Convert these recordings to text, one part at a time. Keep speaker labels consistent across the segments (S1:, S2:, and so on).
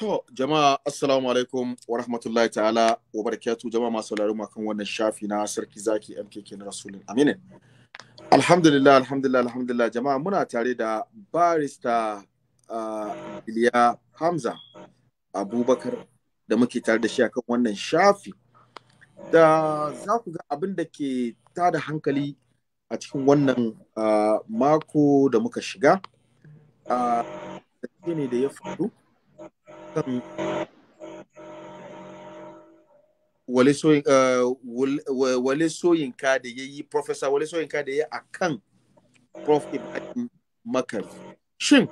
S1: To, jama'a assalamu alaikum wa rahmatullahi ta'ala wa barakatu jama'a masu sauraron mu kan wannan shafi na sarki zaki MKK na Rasulun Aminin. Alhamdulillah, alhamdulillah, alhamdulillah jama'a muna tare da barista Biliya ah, Hamza Abubakar da muke tare da shi akan wannan shafi da za ku ga abin da ke tada hankali a cikin wannan ah, mako da muka shiga. Uh, ne da ya faru Eh, wale soyin ka da ya yi profesa wale ka da ya a kan prof ibrahim makar shin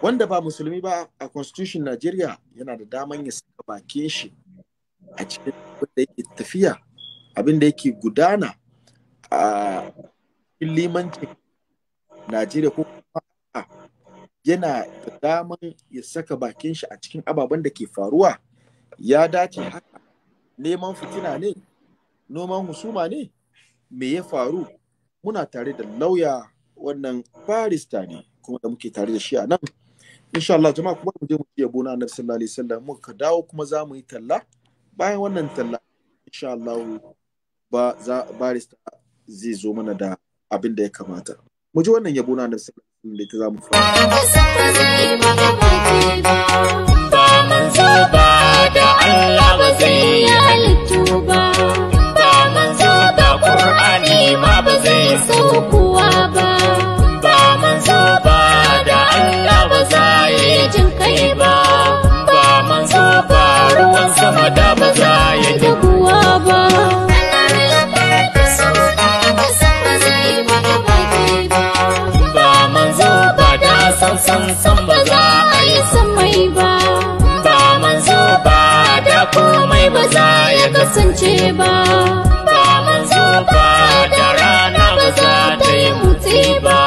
S1: wanda ba musulmi ba a constitution nigeria yana da daman ya saka bakin shi a cikin da yake tafiya abin da yake gudana a limancin najeriya ko yana da daman ya saka bakin shi a cikin ababen da ke faruwa ya dace haka neman fitina ne noman husuma ne me ya faru muna tare da lauya wannan barista ne kuma da muke tare da shi a nan insha Allah jama'a kuma mu je mu yabo na annabi sallallahu alaihi wasallam muka dawo kuma za mu yi talla bayan wannan talla insha Allah ba za barista zai zo mana da abin da ya kamata mu ji wannan yabo na annabi sallallahu da ita za mu fara.
S2: Ba mun zo ba da Allah ba zai yi halittu ba. Ba mun zo da Kur'ani ma ba zai saukuwa ba. Ba mun zo ba da Allah ba za yi jin kai ba. Ba mun zo ba ruwan sama da ba za yi duguwa ba. san ba za a yi samai ba ba manzo ba da komai ba za ya kasance ba ba manzo ba da rana ba za ta yi mutsi ba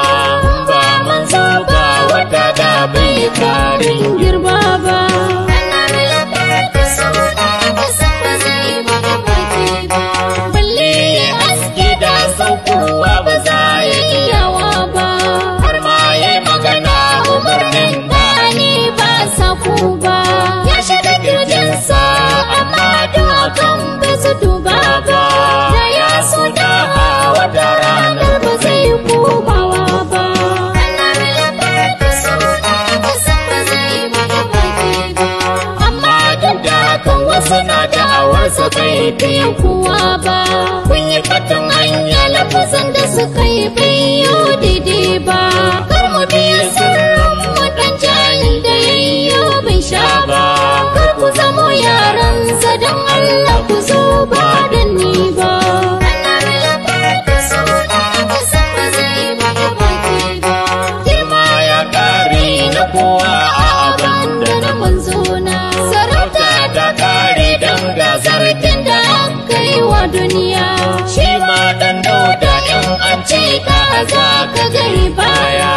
S2: ba manzo ba wata da bai karin girma ba suka yi biyu kuwa ba kun yi katon hanya lafazan da suka yi biyu didi ba kar mu biyu za ka zai baya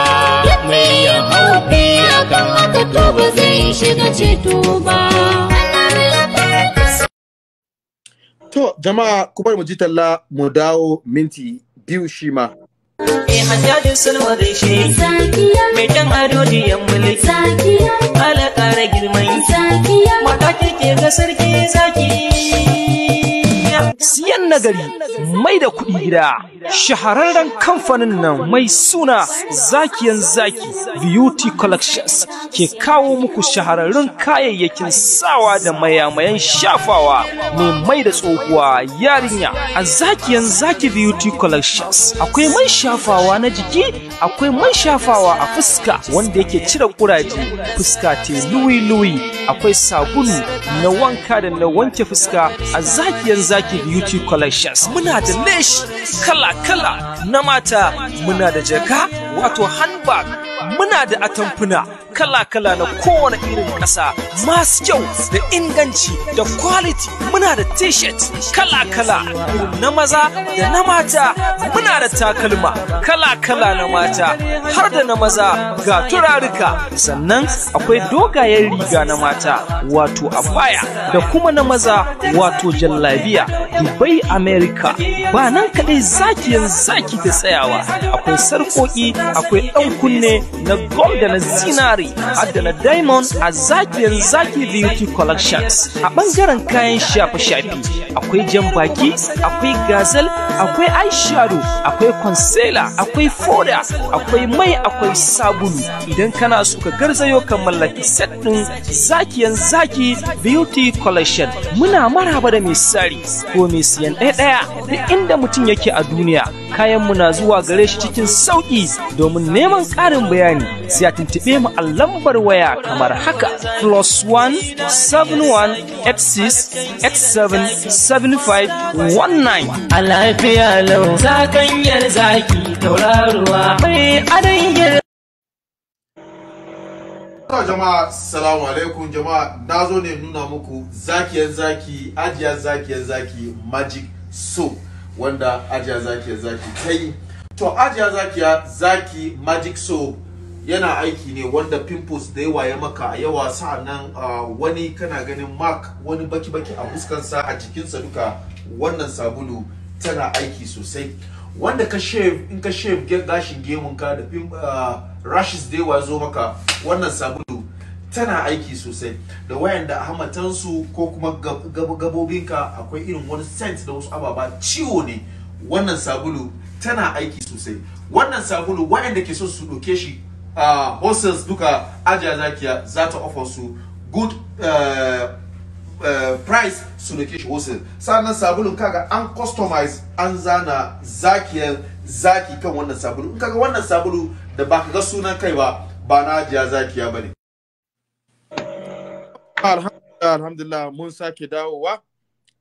S2: mai ya hau biya haka to ba zai shiga ceto ba
S1: To jama'a kuma mu ji talla mu dawo minti biyu shi ma.
S3: Eh hajjajin sulma da shi. Mai dan ado diyan mulki. Ala ƙara girman. Mata ke ga sarki zaki. siyan nagari mai da kuɗi gida shahararren kamfanin nan mai suna zakiyan zaki beauty collections ke kawo muku shahararrun kayayyakin sawa da mayamayan shafawa mai mai da tsohuwa yarinya a zakiyan zaki beauty collections akwai man shafawa na jiki akwai man shafawa a fuska wanda yake cire kuraje fuska te luwi-luwi akwai sabulu na wanka da na wanke fuska a zakiyan zaki YouTube collections muna da lash kala-kala na mata muna da jaka wato handbag muna da atamfuna kala-kala na kowane irin ƙasa masu kyau da inganci da kwaliti. muna da t-shirt kala-kala na maza da na mata muna da takalma kala-kala na mata har da na maza ga turarika sannan akwai dogayen riga na mata wato abaya da kuma na maza wato jallabiya dubai america ba nan kadai yan zaki da tsayawa akwai sarkoki akwai ɗan kunne na gold da na zinari har na diamond a zakiyar zaki beauty collections a bangaren kayan shafe-shafe akwai jan baki akwai gazel akwai eyeshadow akwai concealer akwai foda akwai mai akwai sabulu idan kana so ka garzayo ka mallaki set din zakiyan zaki beauty collection muna maraba da mai ko mai siyan ɗaya ɗaya duk inda mutum yake a duniya kayan muna zuwa gare shi cikin sauƙi domin neman ƙarin bayani bayani sai a tuntube mu a lambar waya kamar haka plus one seven one eight six eight seven seven five one nine. A lafiya lau zakanyar zaki tauraruwa
S1: mai adayyar. jama'a salamu alaikum jama'a na zo ne nuna muku zakiyar zaki ajiyar zakiyar zaki magic soap wanda ajiya zakiya zaki ta yi to ajiya zakiya zaki magic soap yana aiki ne wanda pimples da yawa ya maka a yawa sa'annan wani kana ganin mark wani baki-baki a fuskansa a jikinsa duka wannan sabulu tana aiki sosai wanda ka shave in ka shave gashin gemunka da rashes da yawa zo maka wannan sabulu tana aiki sosai da wayan da hamatansu ko kuma gabobinka akwai irin wani scent da wasu ababa ciwo ne wannan sabulu tana aiki sosai wannan sabulu wayan da ke so su ɗauke shi uh, ah, hostels duka ajiyar zakiya za ta offer su good uh, uh, price su da shi hostel sannan sabulun kaga an customize an zana zakiyar zaki kan wannan sabulu in kaga wannan sabulu da ba ka ga sunan kai ba ba na ajiyar zakiya ba ne alhamdulillah mun sake dawowa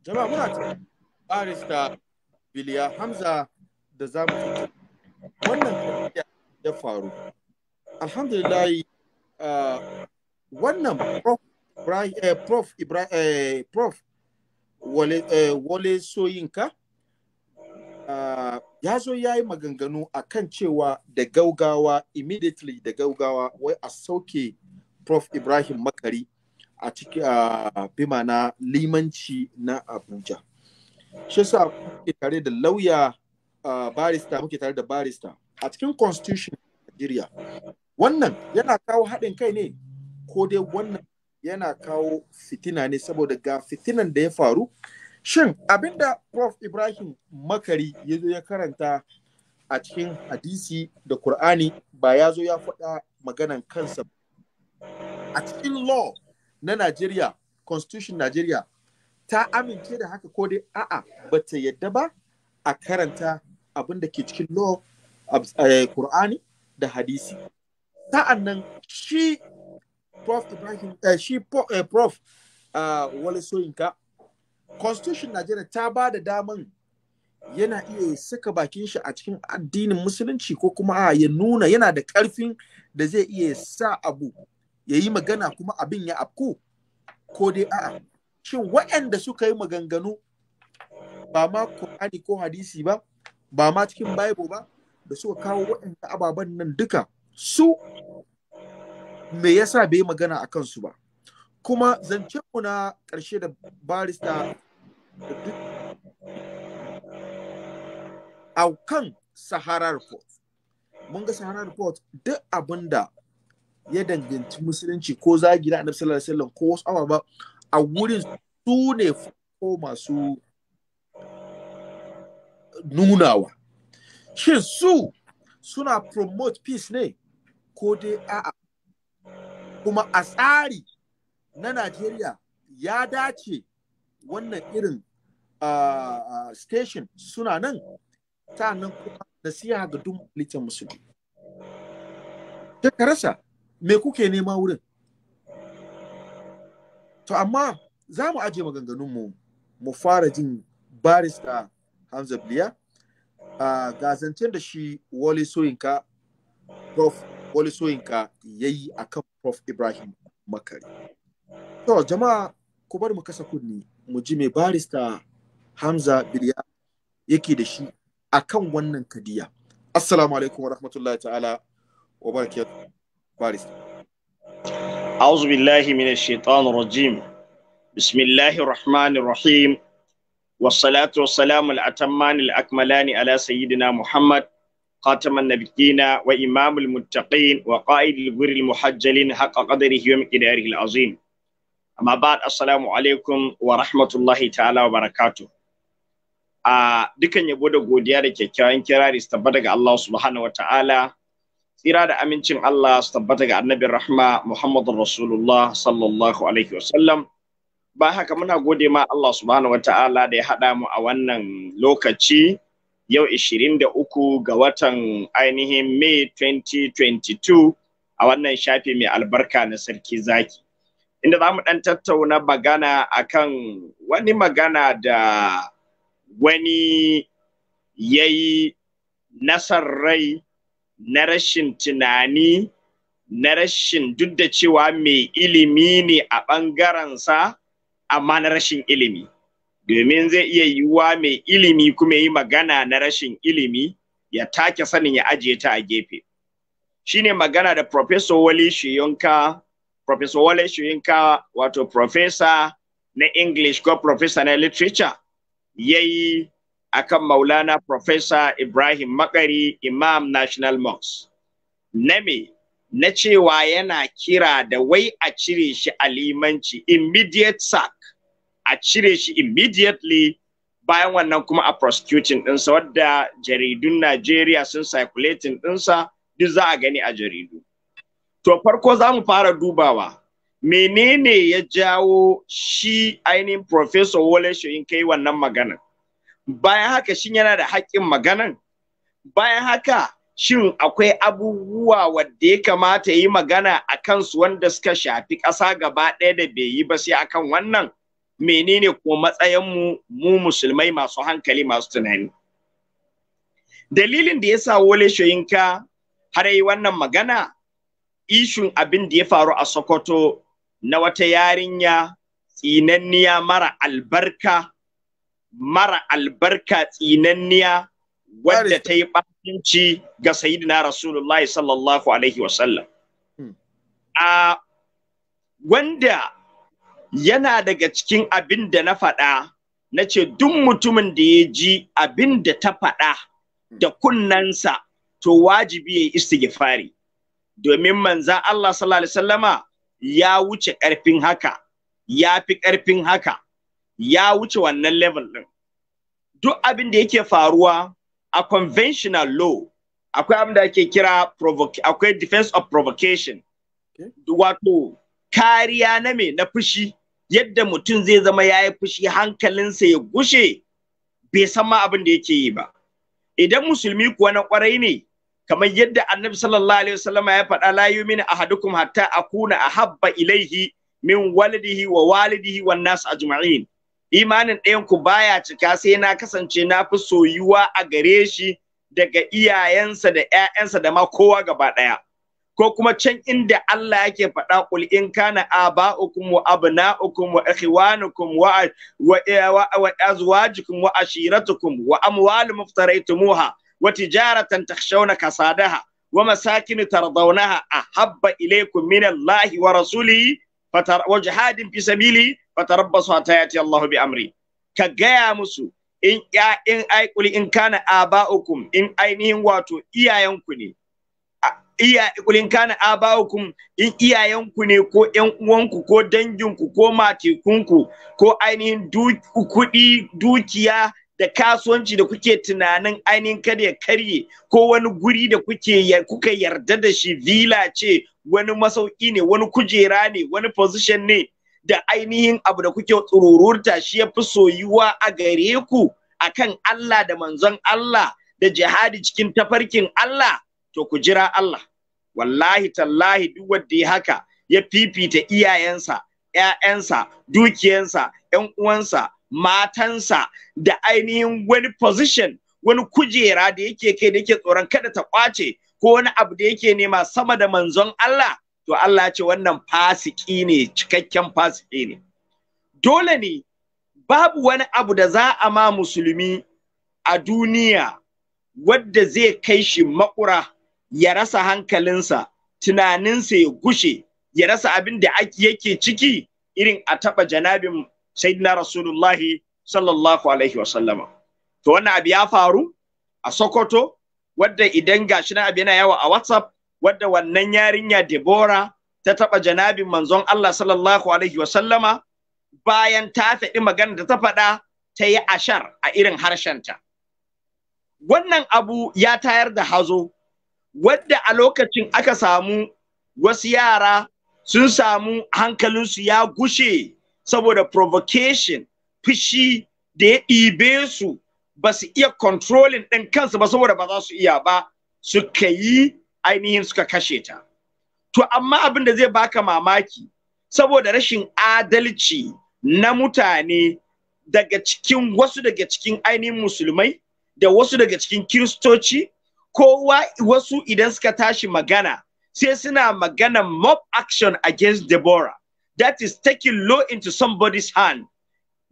S1: jama'a muna ta barista biliya hamza da zamu wannan ya faru alhamdulillah uh, wannan prof eh, prof ibrahim eh, prof wale, eh, soyinka uh, ya zo ya yi maganganu a kan cewa da gaugawa immediately da gaugawa wai a sauke prof ibrahim makari a ciki a bima na limanci na abuja shi sa muke tare da lauya uh, barista muke tare da barista a cikin constitution nigeria wannan yana kawo haɗin kai ne ko dai wannan yana kawo fitina ne saboda ga fitinan da ya faru shin abinda prof ibrahim makari ya zo ya karanta a cikin hadisi da Kur'ani ba ya zo ya faɗa maganan kansa a cikin law na Najeriya constitution Najeriya ta amince da haka ko dai a'a ba ta yadda ba a karanta abin da ke cikin law eh, Kur'ani da hadisi sa'an nan shi prof ibrahim eh, shi eh, prof ah, wale soyinka constitution nigeria ta ba da daman yana iya saka bakin shi a cikin addinin musulunci ko kuma a ya nuna yana da ƙarfin da zai iya sa abu ya yi magana kuma abin ya afku ko dai a'a shin waɗanda suka yi maganganu ba ma kur'ani ko hadisi ba ba ma cikin Bible ba da suka kawo waɗanda ababen nan duka su me yasa bai magana a kansu ba kuma zancenmu mu na ƙarshe da barista da duk a kan sahara report mun ga sahara report duk abinda ya danganci musulunci ko zagi na annabi sallallahu alaihi wasallam ko wasu ababa a wurin su ne ko masu nunawa shin su suna promote peace ne ko dai a'a kuma a tsari na Najeriya ya dace wannan irin station suna nan ta nan kuma nasiha ga duk litan musulmi ta rasa me kuke nema wurin to amma za mu aje maganganunmu mu fara jin barista Hamza Biliya uh, ga zancen da shi Wale Soyinka Prof polisoyinka ya yi a kan prof ibrahim makari to jama'a ku mu kasa kunni mu ji mai barista hamza biliya yake da shi a kan wannan kadiya assalamu alaikum wa rahmatullahi ta'ala wa barakatuh barista
S4: أعوذ بالله من الشيطان والصلاة والسلام الأتمان الأكملان على سيدنا محمد خاتم النبيين وإمام المتقين وقائد الغر المحجلين حق قدره ومقداره العظيم أما بعد السلام عليكم ورحمة الله تعالى وبركاته a dukkan yabo da godiya da kyakkyawan da su tabbata ga Allah subhanahu wataala tsira da amincin Allah su tabbata ga annabin rahma Muhammadur Rasulullah sallallahu alaihi wasallam ba haka muna gode ma Allah subhanahu wataala da ya haɗa mu a wannan lokaci yau 23 ga watan ainihin May 2022 a wannan shafi mai albarka na sarki zaki. Inda za mu ɗan tattauna magana kan wani magana da wani ya yi nasar rai na rashin tunani na rashin duk da cewa mai ilimi ne a ɓangarensa amma na rashin ilimi. domin zai iya yiwuwa mai ilimi kuma yi magana na rashin ilimi ya take sanin ya ajiye ta a gefe shine magana da professor Wale Shiyonka professor Wale Shiyonka wato professor na English ko professor na literature yayi akan Maulana professor Ibrahim Makari Imam National Mosque na na cewa yana kira da wai a cire shi a limanci immediate sack a cire shi immediately bayan wannan kuma a prosecuting ɗinsa wadda jaridun Najeriya sun circulating ɗinsa duk za a gani a jaridu. To farko za mu fara dubawa menene ya jawo shi ainihin Professor Wole Shoyin kai wannan maganan. Bayan haka shin yana da haƙƙin maganan? Bayan haka shin akwai abubuwa wadda ya kamata yi magana a kansu wanda suka shafi ƙasa gaba ɗaya da bai yi ba sai akan wannan? menene kuma matsayin mu musulmai masu hankali masu tunani dalilin da yasa wole shoyinka har yi wannan magana ishun abin da ya faru a sokoto na wata yarinya tsinanniya mara albarka mara albarka tsinanniya wadda ta yi ɓatanci ga Sayyidina rasulullahi sallallahu alaihi wasallam hmm. a ah, wanda yana daga cikin abin da na faɗa na ce duk mutumin da ya ji abin da ta faɗa da kunnansa to wajibi ya yi istighfari domin manza Allah sallallahu alaihi wasallama ya wuce ƙarfin haka ya fi ƙarfin haka ya wuce wannan level ɗin duk abin da yake faruwa a conventional law akwai abin da ake kira akwai defense of provocation wato kariya na me na fushi yadda mutum zai zama ya yi fushi hankalinsa ya gushe bai san ma abin da yake yi ba idan musulmi kuwa na kwarai ne kamar yadda annabi sallallahu alaihi wasallam ya faɗa la yu'minu ahadukum hatta akuna ahabba ilaihi min walidihi wa walidihi wan nas ajma'in imanin ɗayan ku baya cika sai na kasance na fi soyuwa a gare shi daga iyayensa da ƴaƴansa da ma kowa gaba ɗaya ko kuma can inda Allah yake faɗa ƙul in kana aba'ukum wa abna'ukum wa ikhwanukum wa wa azwajukum wa ashiratukum wa amwal muftaraitumuha wa tijaratan takhshawna kasadaha wa masakin tardawnaha ahabba ilaykum min Allah wa rasulihi fatar wa fi sabili fatarabbasu hatta yati Allah bi amri ka gaya musu in ya in ai ƙul in kana aba'ukum in ainihin wato iyayenku ne iya kulin kana in iyayenku ne ko 'yan uwanku ko danginku ko matekunku ko ainihin kuɗi dukiya da kasuwanci da kuke tunanin ainihin kada ya karye ko wani guri da kuke kuka yarda da shi vila ce wani masauki ne wani kujera ne wani position ne da ainihin abu da kuke tsururta shi ya fi soyuwa a gare ku akan Allah da manzon Allah da jihadi cikin tafarkin Allah to ku jira Allah wallahi tallahi duk wanda ya haka ya fifita iyayensa ‘ya'yansa dukiyansa ‘yan uwansa matansa da ainihin wani position wani kujera da yake kai da yake tsoron kada ta kwace ko wani abu da yake nema sama da manzon Allah to Allah ce wannan fasiki ne cikakken fasiki ne dole ne babu wani abu da za a ma musulmi a duniya wadda zai kai shi makura ya rasa hankalinsa tunaninsa ya gushe ya rasa abin da yake ciki irin a taɓa janabin sayyidina rasulullahi sallallahu alaihi wasallama to wannan abu ya faru a sokoto wadda idan gashi na abu yana yawa a whatsapp wadda wannan yarinya debora ta taɓa janabin manzon allah sallallahu alaihi wasallama bayan ta faɗi magana da ta faɗa ta yi ashar a irin harshenta wannan abu ya tayar da hazo wadda a lokacin aka samu wasu yara sun samu hankalinsu ya gushe saboda provocation fushi da ya ɗibe su ba su iya controlling ɗin kansu ba saboda ba za su iya ba suka yi ainihin suka kashe ta to amma abin da zai baka mamaki saboda rashin adalci na mutane daga cikin wasu daga cikin ainihin musulmai da wasu daga cikin kiristoci kowa wasu idan suka tashi magana sai suna magana mob action against Deborah that is taking law into somebody's hand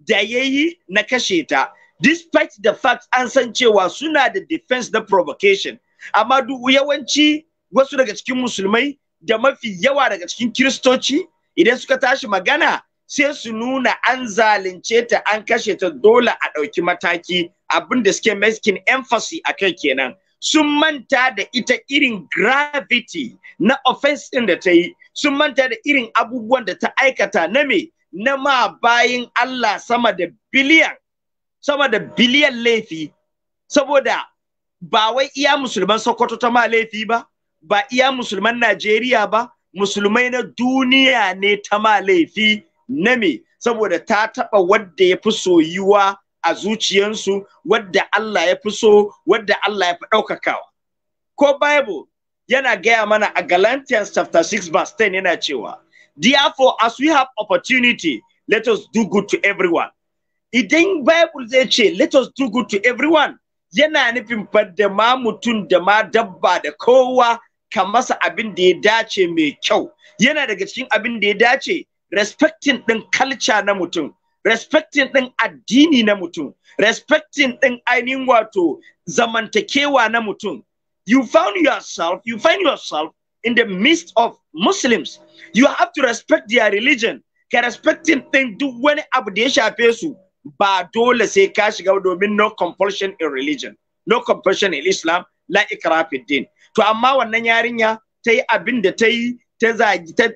S4: da yayi na kashe ta despite the fact an san cewa suna da defense na provocation amma duk yawanci wasu daga cikin musulmai da mafi yawa daga cikin kiristoci idan suka tashi magana sai su nuna an zalunce ta an kashe ta dole a ɗauki mataki abin da suke making emphasis a kai kenan sun manta da ita irin gravity na offense ɗin da ta yi sun manta da irin abubuwan da ta aikata na me na ma bayin Allah sama da biliyan sama da biliyan laifi saboda ba wai iya musulman Sokoto ta ma laifi ba ba iya musulman Najeriya ba musulmai na duniya ne ta ma laifi na me saboda ta taɓa wadda ya fi soyuwa a zuciyarsu wadda Allah ya fi so wadda Allah ya fi ɗaukakawa ko bible yana gaya mana a Galatians chapter 6 verse 10 yana cewa therefore as we have opportunity let us do good to everyone idan bible zai ce let us do good to everyone yana nufin fadda ma mutum da ma dabba da kowa ka masa abin da ya dace mai kyau yana daga cikin abin da ya dace respecting ɗin culture na mutum respecting ɗin addini na mutum respecting ɗin ainihin wato zamantakewa na mutum you found yourself you find yourself in the midst of muslims you have to respect their religion ka respecting ɗin duk wani abu da ya shafe su ba dole sai ka shiga domin no compulsion in religion no compulsion in islam la ikra din to amma wannan yarinya ta yi abin da ta yi ta zagi ta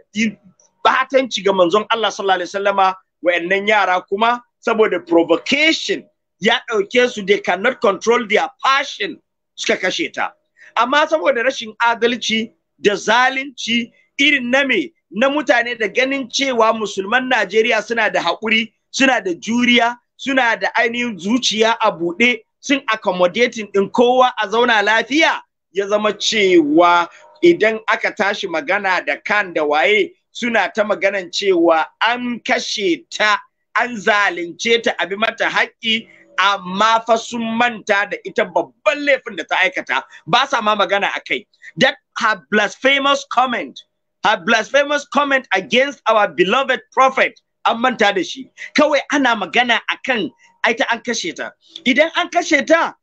S4: batanci ga manzon Allah sallallahu alaihi wasallama wa'annan yara kuma saboda provocation ya ɗauke su they cannot control their passion suka kashe ta amma saboda rashin adalci da zalunci irin na me na mutane da ganin cewa musulman Najeriya suna da haƙuri suna da juriya suna da ainihin zuciya a buɗe sun accommodating ɗin kowa a zauna lafiya ya zama cewa idan aka tashi magana da kan da waye suna ta magana cewa an kashe ta an zalunce ta abi mata haƙƙi amma fa sun manta da ita babban laifin da ta aikata ba sa ma magana a kai that her blasphemous comment her blasphemous comment against our beloved prophet an manta da shi kawai ana magana akan aita an kashe ta idan an kashe ta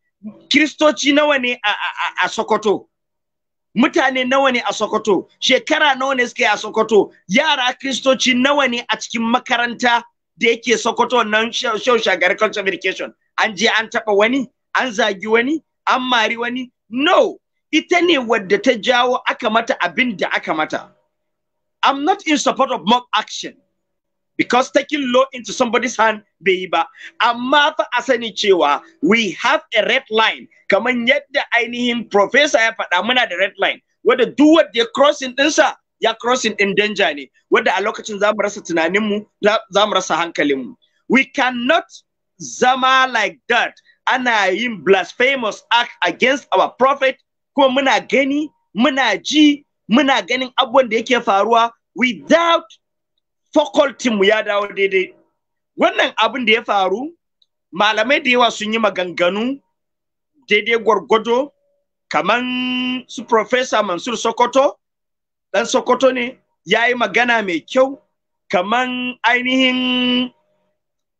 S4: kiristoci nawa ne a sokoto mutane nawa ne a Sokoto shekara nawa ne suke a Sokoto yara kristoci nawa ne a cikin makaranta da yake Sokoto nan shau shagar communication an je an taɓa wani an zagi wani an mari wani no ita ne wadda ta jawo aka mata abin da aka mata I'm not in support of mob action because taking law into somebody's hand bai yi ba amma fa a sani cewa we have a red line kamar yadda ainihin professor ya faɗa muna da red line wanda duk wanda ya crossing ɗinsa ya crossing ɗin danger ne wanda a lokacin za mu rasa tunaninmu za mu rasa hankalinmu we cannot zama like that ana yin blasphemous act against our prophet kuma muna gani muna ji muna ganin abubuwan da yake faruwa without faculty mu ya dawo daidai wannan abin da ya faru malamai da yawa sun yi maganganu daidai gwargwado Kamar su professor mansur sokoto dan sokoto ne ya yi magana mai kyau Kamar ainihin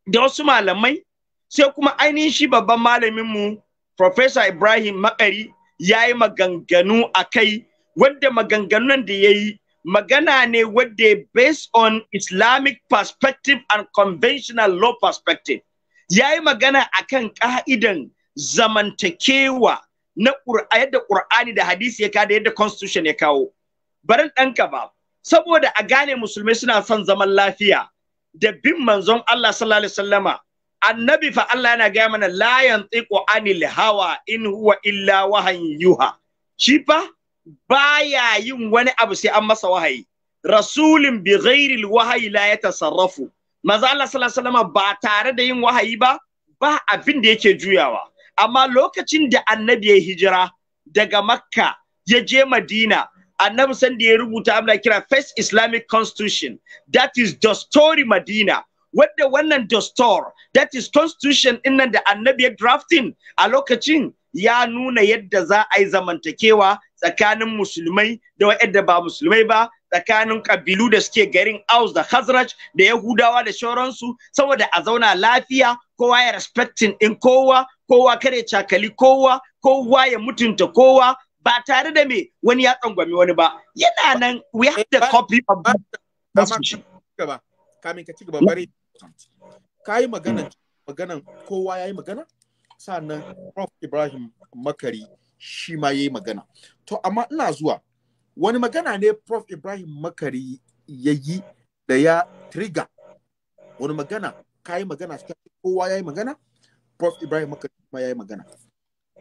S4: da wasu malamai sai kuma ainihin shi babban malaminmu professor ibrahim makari ya yi maganganu a kai wanda maganganun da ya yi magana ne wadda based on islamic perspective and conventional law perspective ya yi magana akan ƙa'idan zamantakewa na yadda ƙur'ani da hadisi ya kada yadda constitution ya kawo barin ɗanka ba saboda a gane musulmai suna son zaman lafiya da bin manzon Allah sallallahu alaihi wasallama annabi fa Allah yana gaya mana la yantiqu anil hawa in huwa illa wahan yuha shi fa baya yin wani abu sai an masa wahayi rasulin bi ghairil wahayi la yatasarrafu Maza Allah sallallahu alaihi wasallam ba tare da yin wahayi ba ba abin da yake juyawa amma lokacin da annabi ya hijira daga makka ya je madina annabi san da ya rubuta amla kira first islamic constitution that is dastori madina wadda wannan dastor that is constitution innan da annabi ya drafting a lokacin ya nuna yadda za a yi zamantakewa tsakanin musulmai da waɗanda ba musulmai ba tsakanin kabilu da suke garin aus da khazraj da yahudawa da shauransu saboda a zauna lafiya kowa ya respecting in kowa kowa kare cakali kowa kowa ya mutunta kowa ba tare da me wani ya tsangwami wani ba yana nan we have the copy of
S1: kamin ka ci gaba bari ka yi magana maganan kowa ya yi magana sannan prof ibrahim makari shi ma yayi magana to amma ina zuwa wani magana ne prof ibrahim makari yayi da ya trigger wani magana yi magana kowa yayi magana prof ibrahim makari ma yayi magana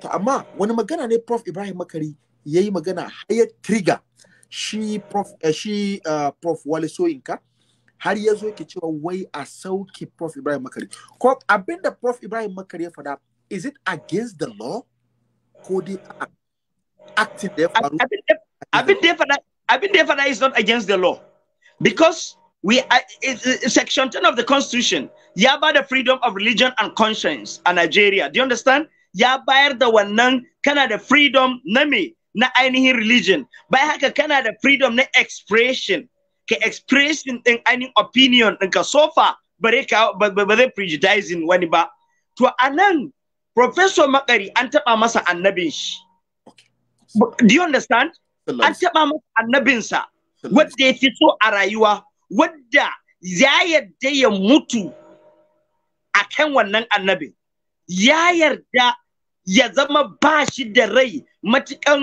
S1: to amma wani magana ne prof ibrahim makari yayi magana har ya trigger shi prof uh, shi uh, prof wale soyinka har ya zo ke cewa wai a sauke prof ibrahim makari ko abinda prof ibrahim makari ya faɗa is it against the law Cody Act, acting there for I've,
S4: been there, I've been there for that. I've been there for that. It's not against the law, because we are, in section ten of the Constitution. Yaba the freedom of religion and conscience in Nigeria. Do you understand? Er ya bayar da wannan kana freedom na me na anyi religion. Bayan haka kana freedom na expression. Ka expression din anyi opinion ɗinka so far bare ka ba zai prejudicing wani ba. To anang. Professor Makari an taɓa masa annabin shi. Do you understand? An taɓa masa annabinsa wadda ya fi so a rayuwa wadda ya yarda ya mutu a kan wannan annabin. Ya yarda ya zama ba shi da rai matukan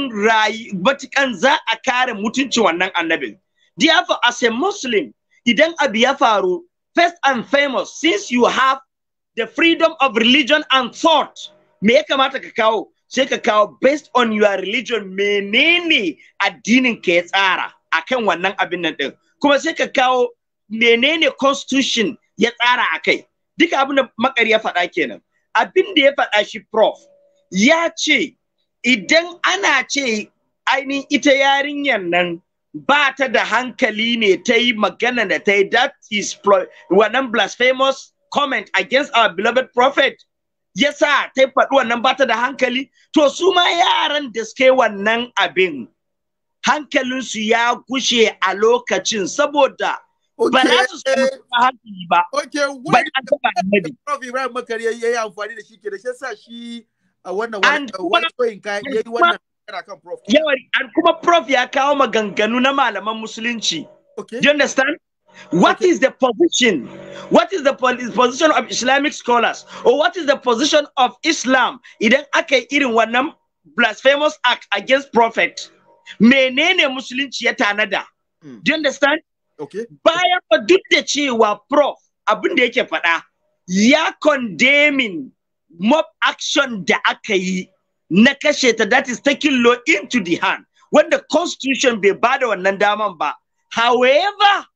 S4: matukan za a kare mutunci wannan annabin. Therefore, as a Muslim, idan abu ya faru, first and famous, since you have the freedom of religion and thought me ya kamata ka kawo sai ka kawo based on your religion menene addinin ka ya tsara akan wannan abin nan din kuma sai ka kawo menene constitution ya tsara akai duka abin da makari ya faɗa kenan abin da ya faɗa shi prof ya ce idan ana ce ainihin ita yarinyar nan ba ta da hankali ne ta yi magana da ta yi that is wannan blasphemous comment against our beloved prophet yasa ta faɗi wannan ta da hankali to su ma yaran da suke wannan abin hankalinsu ya gushe a lokacin saboda ba za su
S1: eh, hankali ba. Ok, wani da Prof Ibrahim Makari ya yi amfani da shi ke da shi sa shi a wannan wani ya yi wannan Yawari, an kuma
S4: Prof ya kawo maganganu na malaman musulunci. Okay. you understand? What okay. is the position? What is the position of Islamic scholars? Or what is the position of Islam? Idan aka irin wannan blasphemous act against prophet. Menene musulunci ya tanada? Hmm. Do you understand? Okay. Bayan ba duk da cewa prof abin da ya condemning mob action da aka yi na that is taking law into the hand when the constitution be bada wannan daman ba. However,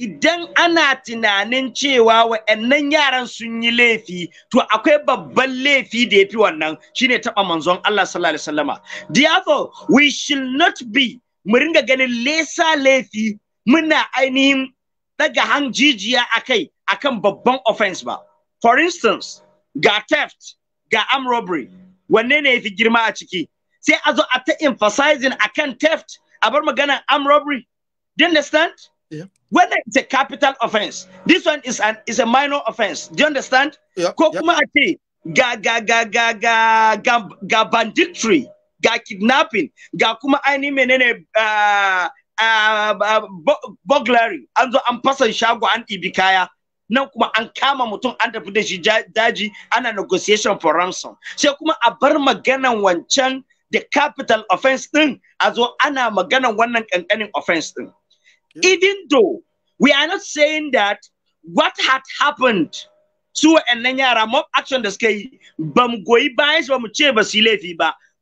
S4: idan ana tunanin cewa wa'annan yaran sun yi laifi to akwai babban laifi da yafi wannan shine taba manzon Allah sallallahu alaihi wasallama therefore we should not be mu ringa ganin lesa laifi muna ainihin daga hanjijiya akai akan babban offense ba for instance ga theft ga arm robbery wanne ne yafi girma a ciki sai a zo a ta emphasizing akan theft a bar magana arm robbery do you understand Yeah. Whether it's a capital offense, this one is an is a minor offense. Do you understand? Yeah. Ko kuma a ga ga ga ga ga banditry, ga kidnapping, ga kuma ainihin menene uh, uh, uh burglary, an zo an fasa shago an ɗibi kaya. nan kuma an kama mutum an tafi da shi daji ana negotiation for ransom sai kuma a bar maganan wancan the capital offense din a zo ana maganan wannan kankanin offense din Even though we are not saying that what had happened su wa'annan yara mob action da suka yi ba mu goyi bayan su ba mu ce ba su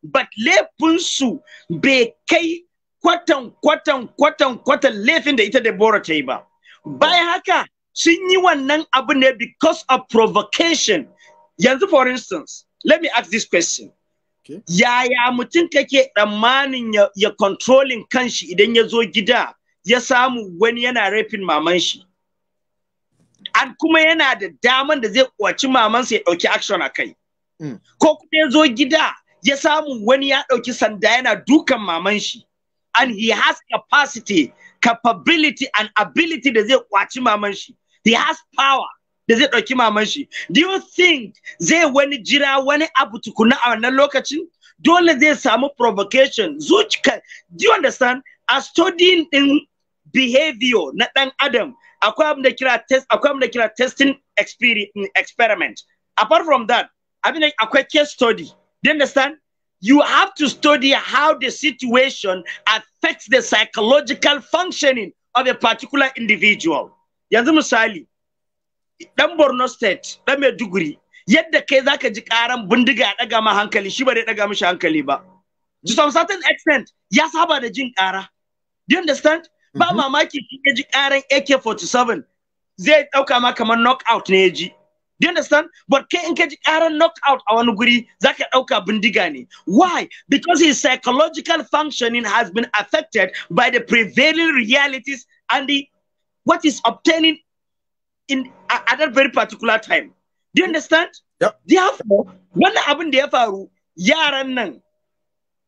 S4: but laifinsu bai kai kwatan kwatan kwatan kwatan laifin da ita Deborah ta yi ba bayan haka sun yi wannan abu ne because of provocation yanzu for instance let me ask this question yaya mutum kake tsammanin ya controlling kanshi idan ya zo gida ya samu wani yana rafin maman shi an kuma yana da daman da zai kwaci mamansa ya ɗauki action a kai hmm. ko kuma ya zo gida ya samu wani ya ɗauki sanda yana dukan maman shi and he has capacity capability and ability da zai kwaci maman shi he has power da zai ɗauki maman shi do you think zai wani jira wani abu tukuna a wannan lokacin dole zai samu provocation zuciya do you understand a studying din behavior na ɗan adam akwai abin da kira test akwai abin da kira testing mm, experiment apart from that abin da akwai case study do you understand you have to study how the situation affects the psychological functioning of a particular individual yanzu misali dan Borno state dan Maiduguri yadda kai zaka ji karan bindiga ya daga ma hankali shi ba zai daga mishi hankali ba to some certain extent ya saba da jin kara do you understand ba mhm. mamaki shi ya ji karan AK47 zai dauka ma kamar knockout ne ji Do you understand? But in Karan knockout our Nuguri, Zaka Oka Bundigani. Why? Because his psychological functioning has been affected by the prevailing realities and the what is obtaining in at that very particular time. Do you understand? Yep. Therefore, when abin da ya faru, yaran nan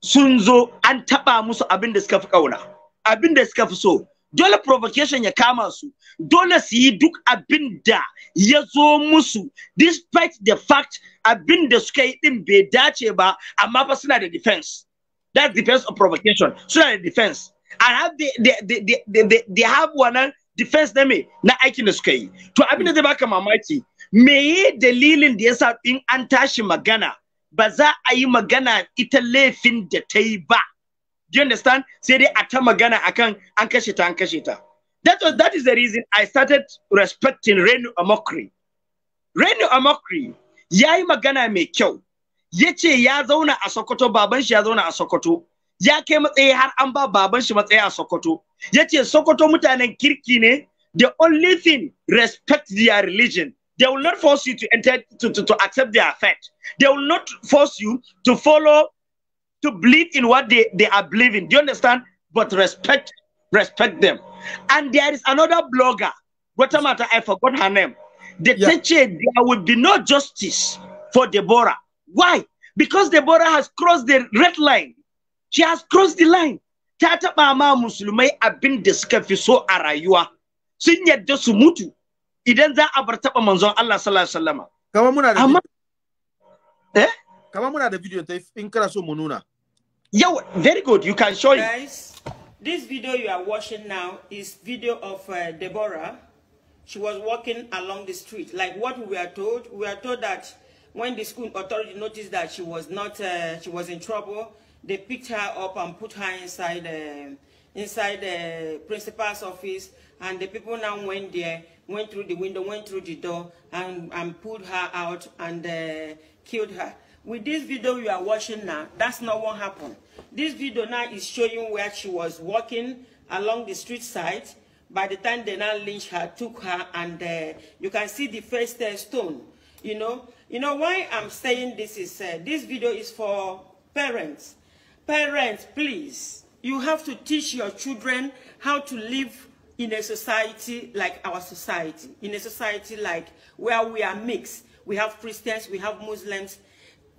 S4: sun zo an taba musu abin da suka fi kauna. abin da suka fi so dole provocation ya kama su dole su yi duk abin da ya zo musu despite the fact abin da suka yi din bai dace ba amma fa suna da defense that defense of provocation suna da defense and have they, they, they, they, they, they have wannan defense na me na aikin da suka yi to abin da zai baka mamaki meye dalilin da yasa in an tashi magana ba za a yi magana ita laifin da ta yi ba Do you understand? Sai dai a ta magana akan an kashe ta an kashe ta. That was that is the reason I started respecting Renu Amokri. Renu Amokri ya magana mai kyau. yace ya zauna a Sokoto baban shi ya zauna a Sokoto. Ya kai matsayi har an ba baban shi matsayi a Sokoto. yace Sokoto mutanen kirki ne. The only thing respect their religion. They will not force you to enter to, to, to accept their faith. They will not force you to follow to believe in what they, they are believing. Do you understand? But respect, respect them. And there is another blogger, what matter, I forgot her name. The yeah. teacher, there will be no justice for Deborah. Why? Because Deborah has crossed the red line. She has crossed the line. so idan za a bar manzon Allah sallallahu alaihi wasallama. Kamar muna da Amma... eh?
S1: Kamar muna da video ta in kana so mu nuna. Yo, very good. You can
S4: show it,
S5: Guys, this video you are watching now is video of uh, Deborah. She was walking along the street. Like what we are told, we are told that when the school authority noticed that she was not, uh, she was in trouble, they picked her up and put her inside the, um, inside the uh, principal's office and the people now went there went through the window went through the door and and pulled her out and uh, killed her With this video you are watching now, that's not what happened. This video now is showing where she was walking along the street side. By the time they now lynch her, took her, and uh, you can see the first uh, stone. You know, you know why I'm saying this is uh, this video is for parents. Parents, please, you have to teach your children how to live in a society like our society, in a society like where we are mixed. We have Christians, we have Muslims,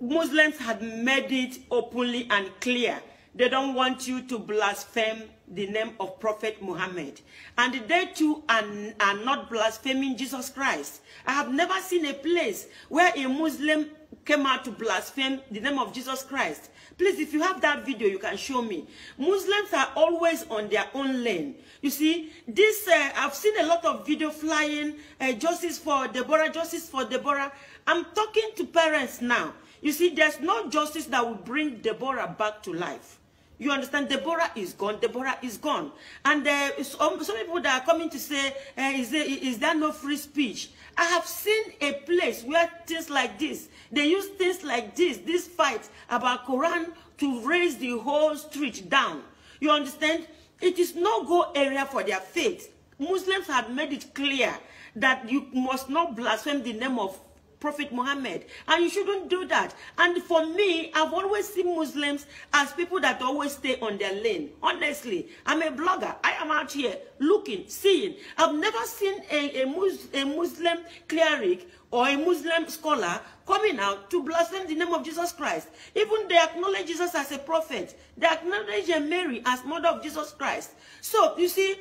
S5: Muslims had made it openly and clear. They don't want you to blaspheme the name of Prophet Muhammad. And they too are, are not blaspheming Jesus Christ. I have never seen a place where a Muslim came out to blaspheme the name of Jesus Christ. Please, if you have that video, you can show me. Muslims are always on their own lane. You see, this, uh, I've seen a lot of video flying, uh, justice for Deborah, justice for Deborah. I'm talking to parents now. You see, there's no justice that will bring Deborah back to life. You understand? Deborah is gone. Deborah is gone. And uh, some, um, some, people that are coming to say, uh, is, there, is there no free speech? I have seen a place where things like this, they use things like this, this fight about Quran to raise the whole street down. You understand? It is no go area for their faith. Muslims have made it clear that you must not blaspheme the name of Prophet Muhammad. And you shouldn't do that. And for me, I've always seen Muslims as people that always stay on their lane. Honestly, I'm a blogger. I am out here looking, seeing. I've never seen a, a, Mus a Muslim cleric or a Muslim scholar coming out to blaspheme the name of Jesus Christ. Even they acknowledge Jesus as a prophet. They acknowledge Mary as mother of Jesus Christ. So, you see...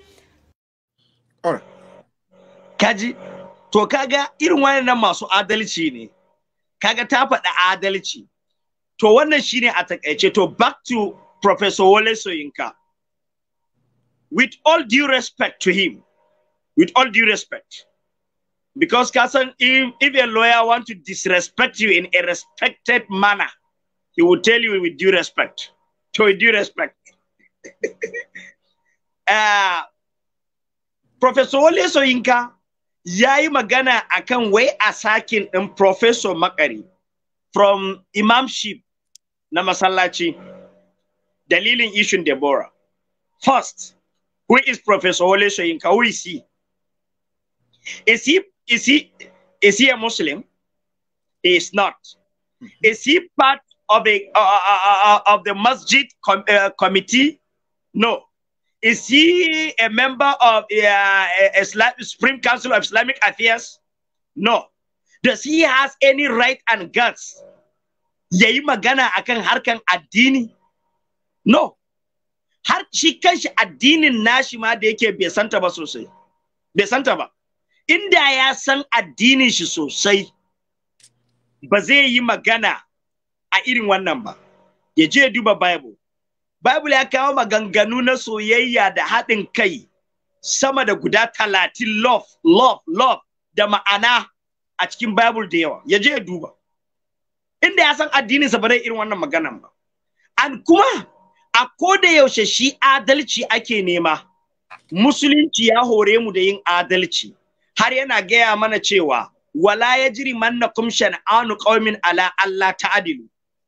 S5: All right. Kaji,
S4: to kaga irin wayannan masu adalci ne. Kaga ta na adalci. To wannan shine a takaice to back to Professor Wole Soyinka. With all due respect to him, with all due respect, because Kasan, if, if a lawyer want to disrespect you in a respected manner, he will tell you with due respect. To with due respect. uh, Professor Ole Soyinka ya yi magana akan wai a sakin Professor Makari from imamship na masallaci dalilin ishin Deborah. First, who is Professor Wole Soyinka? Who is he? Is he, is he, is he a Muslim? He is not. Is he part of, a, uh, uh, uh, uh of the masjid com uh, committee? No. Is he a member of uh, Islam, Supreme Council of Islamic Affairs? No. Does he has any right and guts? Yayi magana akan harkan addini? No. Har shi kanshi addinin nashi ma da yake bai santa ba sosai. Bai santa ba. Inda ya san addinin shi sosai, ba zai yi magana a irin wannan ba. Ya je duba Bible. Bible ya kawo maganganu na soyayya da haɗin kai sama da guda talatin love, love, love da ma'ana a cikin Bible da yawa. Ya je ya duba. Inda ya san addininsa ba zai irin wannan maganan ba. An kuma a ko da yaushe shi adalci ake nema. Musulunci ya hore mu da yin adalci. Har yana gaya mana cewa wala ya jiri manna kumshan anu qaumin ala Allah ta'adilu.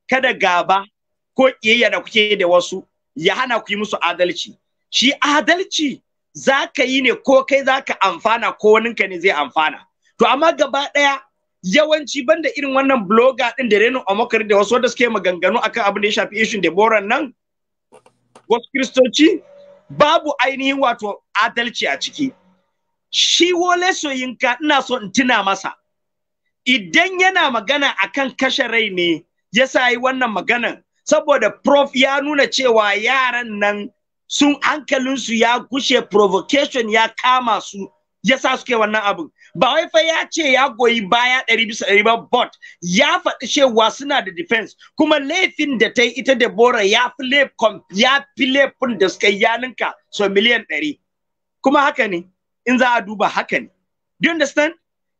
S4: Kada gaba ko ƙiyayya da kuke da wasu ya hana ku yi musu adalci shi adalci za ka yi ne ko kai za ka amfana ko waninka ne zai amfana to amma gaba ɗaya yawanci banda irin wannan blogger ɗin da Renin Omokari da wasu wanda suke maganganu akan abin da ya shafi ishin da boran nan wasu kristoci babu ainihin wato adalci a ciki shi wole soyinka ina so in tuna masa idan yana magana akan kashe rai ne ya sa yi wannan maganan saboda prof ya nuna cewa yaran nan sun hankalinsu ya gushe provocation ya kama su ya sa suke wannan abin ba wai fa ya ce ya goyi baya ɗari bisa ɗari ba but ya faɗi cewa suna da defense kuma laifin da ta yi ita da bora ya fi laifin da suka yi yaninka so miliyan ɗari kuma haka ne in za a duba haka ne do you understand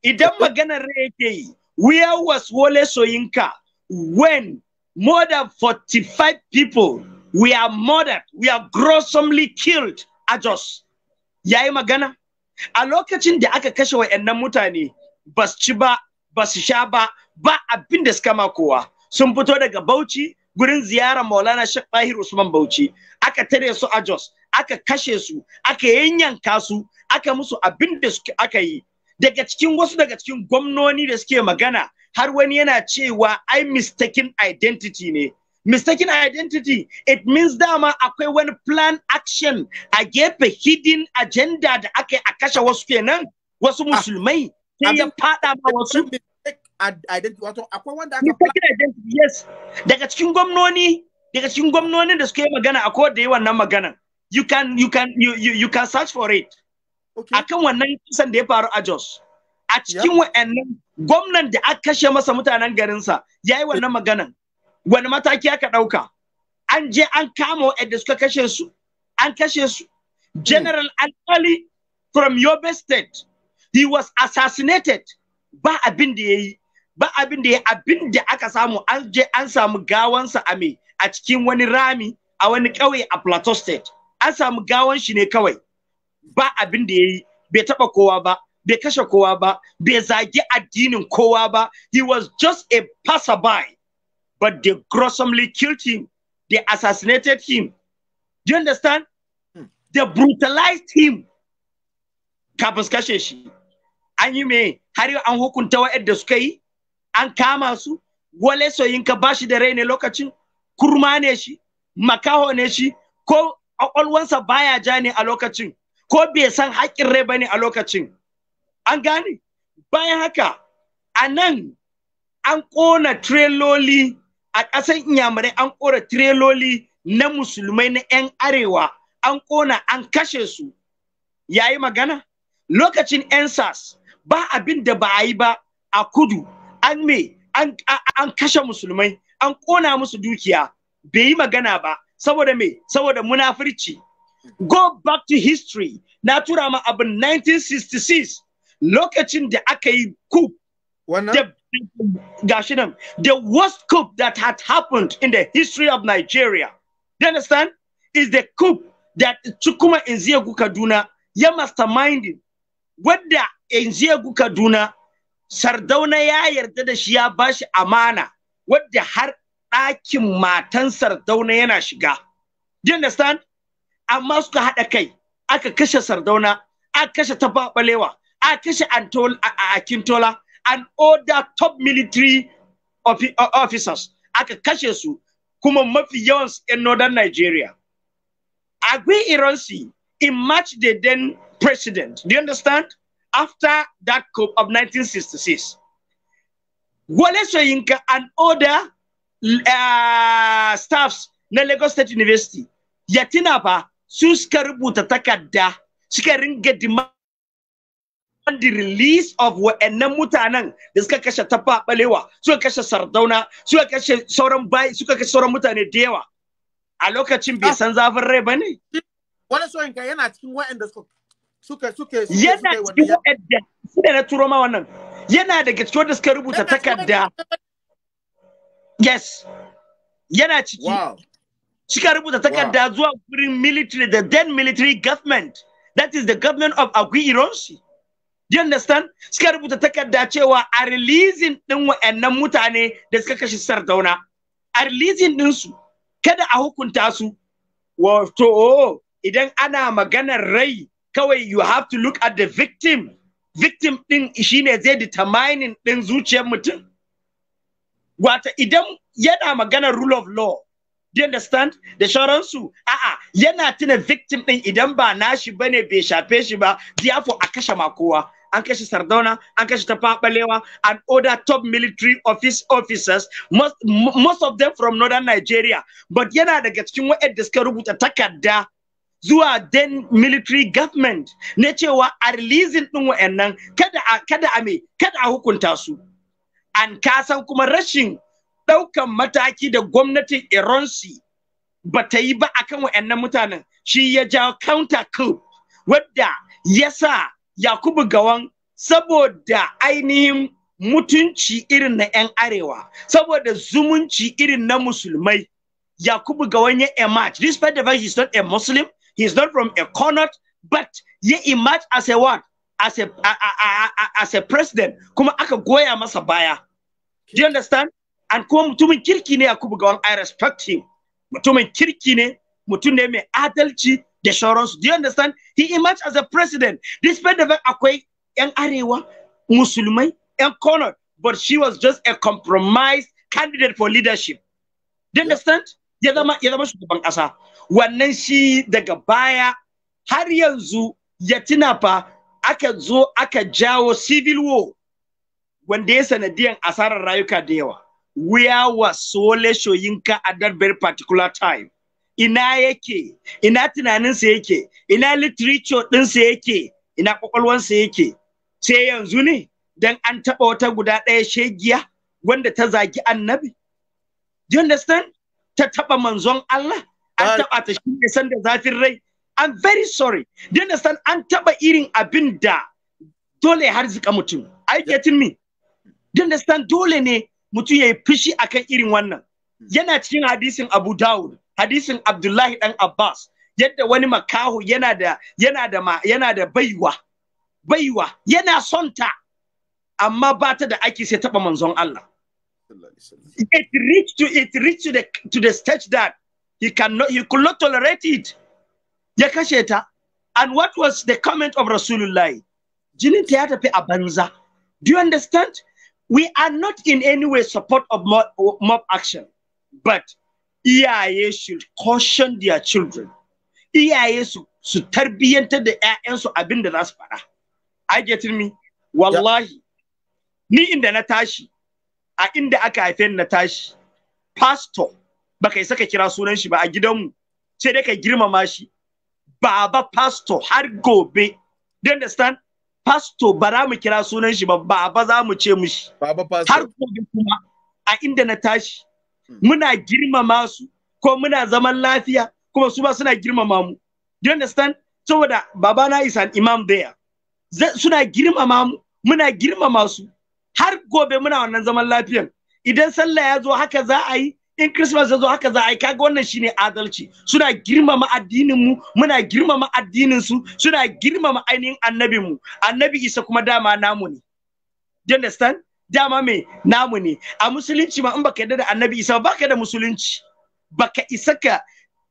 S4: idan maganar rai yake yi where was wole soyinka when more than 45 people we are murdered we are grossly killed a jos yayi magana a lokacin da aka kashe wayannan mutane ba su ci ba ba sha ba ba abin da suka ma kowa sun fito daga Bauchi gurin ziyara Maulana Sheikh Bahir Usman Bauchi aka tare su a Jos aka kashe su aka yanyanka su aka musu abin da aka yi daga cikin wasu daga cikin gwamnoni da suke magana har wani yana cewa ai mistaken identity ne mistaken identity it means dama akwai wani plan action a gefe hidden agenda da aka yi a kashe wasu kenan wasu musulmai ah, sai ya fada ma wasu mistaken identity yes daga cikin gwamnoni daga cikin gwamnonin da suke magana akwai da yi wannan maganan you can you can you, you, you can search for it akan wannan kisan da ya faru a Jos a cikin wa'annan gwamnan da aka kashe masa mutanen garinsa ya yi wannan maganan wani mataki aka ɗauka an je an kama wa'anda suka kashe su an kashe su hmm. general alkali from yobe state he was assassinated ba abin da ya yi ba abin da ya abin da aka samu an je an samu gawansa a mai. a cikin wani rami a wani ƙauye a plateau state an samu gawan shi ne kawai ba abin da yi. bai taba kowa ba bai kashe kowa ba bai zagi addinin kowa ba he was just a passerby but they grossly killed him they assassinated him do you understand hmm. they brutalized him kafin kashe shi an yi me har yau an hukunta da suka yi an kama su wale soyinka ba shi da rai ne lokacin kurma ne shi makaho ne shi ko ƙwaƙwalwansa baya ja ne a lokacin ko bai san haƙƙin rai bane a lokacin an gane bayan haka a nan an ƙona tireloli a ƙasar inyamurai an ƙona tireloli na musulmai na 'yan arewa an ƙona an kashe su yayi magana lokacin 'yan ba abin da ba a yi ba a kudu an me an kashe musulmai an ƙona musu dukiya bai yi magana ba saboda me saboda munafurci go back to history na tura 1966 locating the aka coup the worst coup that had happened in the history of Nigeria do you understand is the coup that Chukuma Nzegu Kaduna ya masterminding wadda Nzegu Kaduna Sardauna ya yarda da shi ya bashi amana wadda the heart matan Sardauna yana do you understand amma suka haɗa kai aka kashe sardauna aka kashe a aka kashe akintola an order top military officers aka kashe su kuma mafi yawan su 'yan northern nigeria agui ironsi in march the then president do you understand after that coup of 1966 wale soyinka an order uh, staffs na lagos state university ya tina su suka rubuta takarda suka ringa demand the release of wa'annan mutanen da suka kashe tabba balewa suka kashe sardauna suka kashe sauran bayi suka kashe sauran mutane da yawa a lokacin bai ah. san zafin rai ba ne
S2: wani
S1: soyin ka yana cikin wa'anda suka suke suke yana cikin
S4: wa'anda suka na turo ma wannan yana daga cikin wanda suka rubuta takarda yes yana ciki suka rubuta takarda zuwa wurin military the then military government that is the government of Agui Ironsi you understand suka rubuta takarda cewa a releasing din wa'annan mutane da suka kashe sardauna a releasing din su kada a hukunta su wato oh, idan ana maganar rai kawai you have to look at the victim victim din shine zai determining din zuciyar mutum wata idan yana maganar rule of law do you understand da shauransu a'a yana tuna victim ɗin idan ba nashi bane bai shafe shi ba therefore a kashe makowa an kashe sardauna an kashe tafabalewa and other top military office officers most, most of them from northern nigeria but yana daga cikin waɗanda suka rubuta takarda zuwa then military government na cewa a releasing ɗin waɗannan kada a kada a me kada a hukunta su an kasan kuma rashin ɗaukan mataki da gwamnatin Iransi ba ta yi ba akan wa'annan mutanen shi ya ja counter coup wadda ya sa Yakubu Gawan saboda ainihin mutunci irin na 'yan arewa saboda zumunci irin na musulmai Yakubu Gawan ya emerge despite the fact he's not a Muslim he's not from a corner but ya emerge as a what as a, a, a, a, as a president kuma aka goya masa baya do you understand an kuma mutumin kirki ne Yakubu Gawon I respect him mutumin kirki ne mutum ne mai adalci da sauransu do you understand he emerged as a president despite the fact akwai yan arewa musulmai yan corner but she was just a compromised candidate for leadership do you understand ya zama ya zama shugaban ƙasa wannan shi daga baya har yanzu ya tuna fa aka zo aka jawo civil war wanda ya sanadiyan asarar rayuka da yawa where was Sole Shoyinka at that very particular time? Ina yake, ina tunaninsa yake, ina literature sa yake, ina sa yake. Sai yanzu ne, don an taɓa wata guda ɗaya shegiya wanda ta zagi annabi. Do you understand? Ta taɓa manzon Allah, an taɓa ta shi ne da zafin rai. I'm very sorry. Do you understand? An taɓa irin abin da dole ya harzika mutum. i getting me? Do you understand? Dole ne mutum ya yi fushi akan irin wannan yana cikin hadisin Abu Dawud hadisin Abdullahi Ɗan Abbas yadda wani makaho yana da yana da yana da baiwa baiwa yana son ta amma ba ta da aiki sai taba manzon Allah it reached to it reached to the to the stage that he cannot he could not tolerate it ya kashe ta and what was the comment of Rasulullah jinin ta ya tafi a banza do you understand We are not in any way support of mob, mob action, but iyaye should caution their children. Iyaye su, su tarbiyyantar da 'ya'yansu abin da za su faɗa. I get me? Wallahi, ni inda na tashi, a inda aka haife ni na tashi, pastor baka isa saka kira sunan shi ba a gidanmu, sai dai ka girmama shi. Baba pastor har gobe, do you understand? Fasto ba za mu kira sunan shi ba ba za mu ce mushi har gobe kuma a inda na tashi hmm. muna girmama su ko muna zaman lafiya kuma su ba suna girmama mu do you understand saboda babana na imam there suna girmama mu muna girmama su har gobe muna wannan zaman lafiyan idan sallah ya zo haka za a yi in Christmas ya zo haka za a yi kaga wannan ne adalci suna girmama addinin mu muna girmama addinin suna girmama ainihin annabin mu annabi Isa kuma dama namu ne do understand dama me namu ne a musulunci ma in baka yarda da annabi Isa baka da musulunci baka isa ka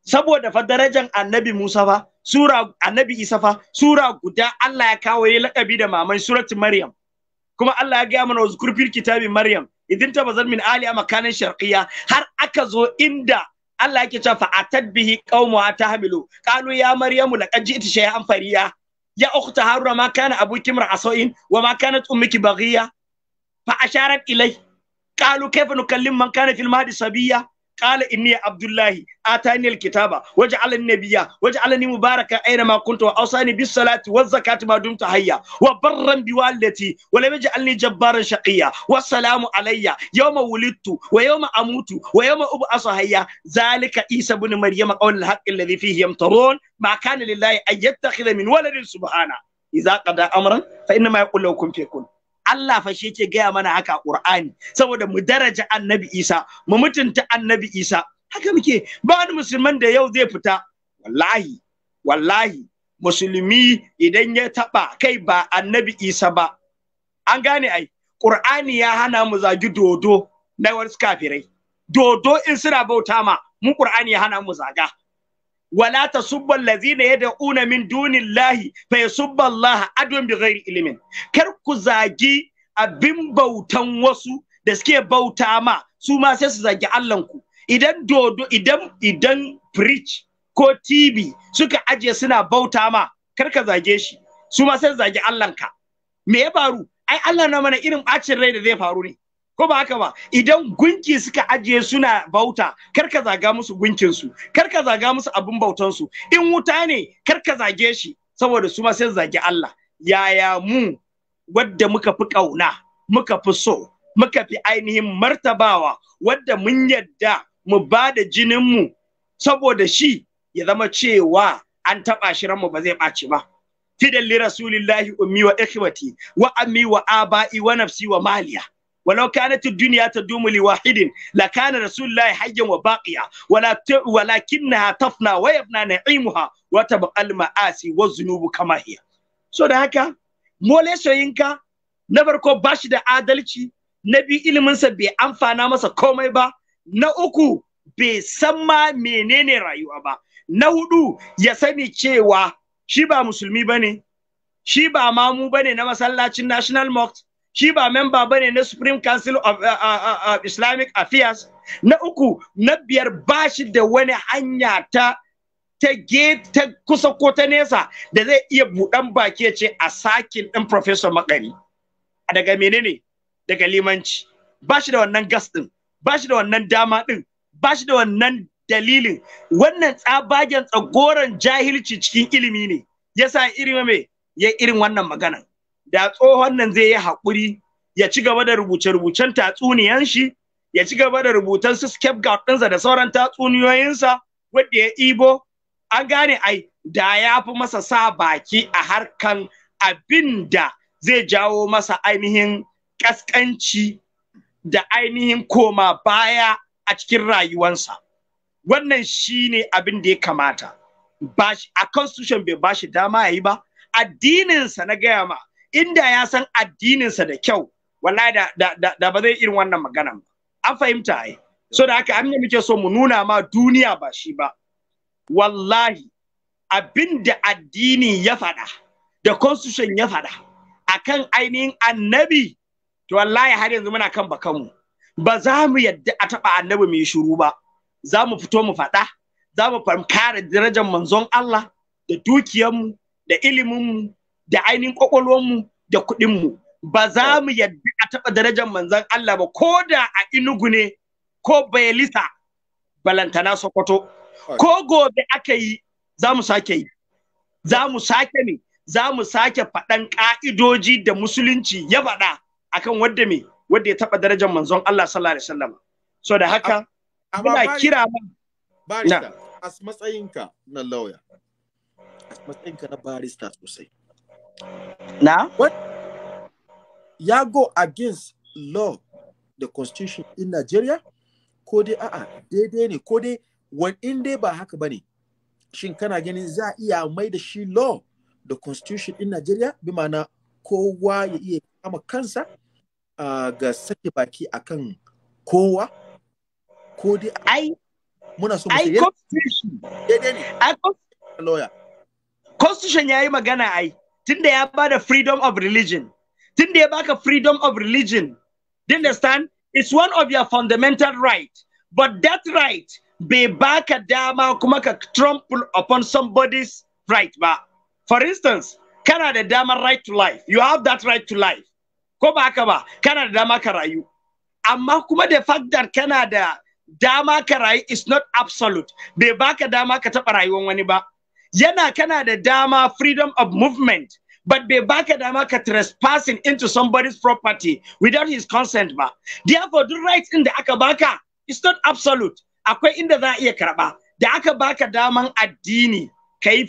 S4: saboda fa darajar annabi Musa fa sura annabi Isa fa sura guda Allah ya kawo ya lakabi da maman suratul Maryam kuma Allah ya ga mana uzkur fil kitabi Maryam idin tabazar min ali a makanin shar'iyya har aka zo inda Allah yake cewa fa'atad bihi ta tahmilu qalu ya maryamu laqad ji'ti shay'an fariya ya ukhta haruna ma kana abuki mar'asoin wa ma kanat ummuki baghiya fa asharat ilai qalu kayfa nukallim man kana fil mahdi sabiya qala inni abdullahi atani alkitaba Nabiya, nabiyya waj'alani Mubaraka, aina ma kuntu wa awsani bis salati waz zakati ma dumtu hayya wa barran bi walidati wa lam yaj'alni jabbaran shaqiyya Salamu alayya yawma wulidtu wa yawma amutu wa yawma ub'asu hayya zalika isa ibn maryama qawlul hakkin, alladhi fihi yamtarun ma kana lillahi an yattakhidha min waladin subhana idza qada amran fa inma yaqulu lahu kun fayakun Allah fa shi yake gaya mana haka Qur'ani saboda mu daraja Annabi Isa mu mutunta Annabi Isa haka muke ba wani musulman da yau zai fita wallahi wallahi musulmi idan ya taba kai ba Annabi Isa ba an gane ai Qur'ani ya hana mu zagi dodo na wasu kafirai dodo in suna bauta ma mu Qur'ani ya hana mu zaga wala na allazina yad'una min dunillahi fa yasubba laha, adon bighairi ilimin. kar ku zagi abin bautan wasu da suke bauta ma su ma sai su zagi Allahnku idan dodo idan idan preach ko TV suka ajiye suna bauta ma karka zage shi su ma sai su zagi Allahnka me ya faru ai Allah na mana irin bacin rai da zai faru ne ko ba haka ba idan gunki suka ajiye suna bauta kar ka zaga musu gunkinsu kar ka zaga musu abin bautansu in wuta ne kar ka zage shi saboda su ma sai zage Allah yaya mu wadda muka fi ƙauna muka fi so muka fi ainihin martabawa wadda mun yadda mu ba da jininmu saboda shi ya zama cewa an taɓa shi mu ba zai ɓaci ba fidan li rasulillahi ummi wa ikhwati wa ammi wa aba'i wa nafsi wa maliya ولو كانت الدنيا تدوم لواحد لكان رسول الله حيا وباقيا ولا ولكنها تفنى ويبنى نعيمها وتبقى المآسي والذنوب كما هي so da haka mole soyinka na farko bashi da adalci na biyu iliminsa bai amfana masa komai ba na uku bai san ma menene rayuwa ba na hudu ya sani cewa shi ba musulmi bane shi ba mamu bane na masallacin national mosque shi ba memba bane na Supreme Council of uh, uh, uh, uh Islamic Affairs na uku na biyar bashi da wani hanya ta ta ta kusa ko ta nesa da zai iya buɗan baki ce a sakin ɗin Professor Makari daga menene daga limanci ba shi da wannan gas ɗin ba shi da wannan dama ɗin ba shi da wannan dalilin wannan tsabagen tsagoran jahilci cikin ilimi ne yasa irin mai ya irin wannan maganan da tsohon nan zai yi haƙuri ya ci gaba da rubuce-rubucen tatsuniyan shi ya ci gaba da rubutan su scapegoat ɗinsa da sauran tatsuniyoyinsa wadda ya ibo an gane ai da ya fi masa sa baki a harkan abin da zai jawo masa ainihin ƙasƙanci da ainihin koma baya a cikin rayuwansa wannan shi ne abin da ya kamata a constitution bai ba shi dama ya yi ba addininsa na gaya ma inda ya san addininsa da kyau wallahi da, da, da, ba zai irin wannan magana ba an fahimta ai so da haka amma muke so mu nuna ma duniya ba shi ba wallahi abinda addini ya faɗa da constitution ya faɗa akan ainihin annabi to wallahi har yanzu muna kan bakanmu ba za mu yadda a taɓa annabi mu yi shiru ba za mu fito mu faɗa za mu kare darajar manzon Allah da dukiyarmu da iliminmu da ainihin mu da kuɗinmu ba za mu yadda a taɓa darajar manzan Allah ba ko da a inugu ne ko bayelisa balantana sokoto ko gobe aka yi za mu sake yi za mu sake ne za mu sake faɗan ƙa'idoji da musulunci ya faɗa akan wadda me wadda ya taɓa darajar manzon Allah sallallahu alaihi wasallam so da haka
S1: muna kira barista a matsayinka na lawyer a matsayinka na barista sosai Now? What? Ya go against law the constitution in Nigeria? Kode, dai a'a daidai ne ko dai wani in dai ba haka ba ne. Shin kana ganin za iya mai shi law the constitution in Nigeria bi ma'ana kowa ya iya kama kansa uh, ga sake baki akan kowa ko dai ai muna so ai constitution daidai ne ai lawyer
S4: constitution yayi magana ai tunda ya bada freedom of religion tunda ya baka freedom of religion do you understand it's one of your fundamental right but that right bai baka dama kuma ka trample upon somebody's right ba for instance kana da damar right to life you have that right to life ko ba haka ba kana da dama ka rayu amma kuma the fact that kana da dama ka rayu is not absolute bai baka dama ka taɓa rayuwar wani ba yana kana da dama freedom of movement but bai baka dama ka trespassing into somebody's property without his consent ba therefore duk rights din da aka baka is not absolute akwai inda za a iya karba da aka baka daman addini kai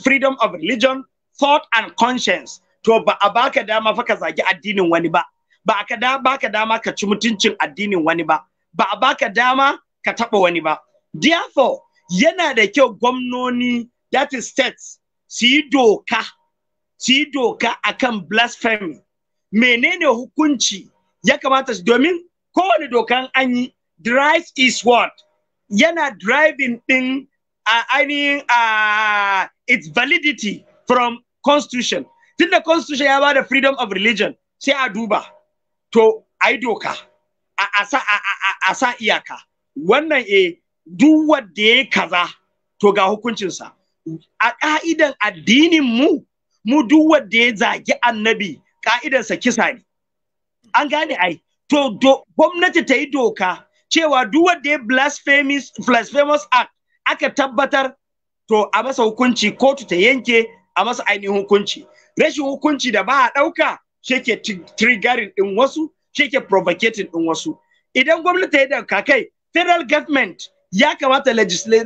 S4: freedom of religion thought and conscience to ba a baka dama fa ka zagi addinin wani ba ba a da baka dama ka ci mutuncin addinin wani ba ba a baka dama ka taɓa wani ba therefore yana da kyau gwamnoni that is states su yi doka su yi doka akan blasphemy menene hukunci ya kamata su domin kowane dokan an yi drives is what yana driving din uh, I mean its validity from constitution tunda constitution ya ba da freedom of religion sai a duba to a yi doka a sa iyaka wannan e duk wanda ya kaza to ga hukuncinsa a ka'idan addinin mu mu duk wanda ya zagi annabi ka'idansa kisa ne an gane ai to gwamnati ta yi doka cewa duk wanda ya blasphemous blasphemous act aka tabbatar to a masa hukunci kotu ta yanke a masa ainihin hukunci rashin hukunci da ba a ɗauka shi ke triggering din wasu shi ke provocating din wasu idan gwamnati ta yi doka kai federal government ya kamata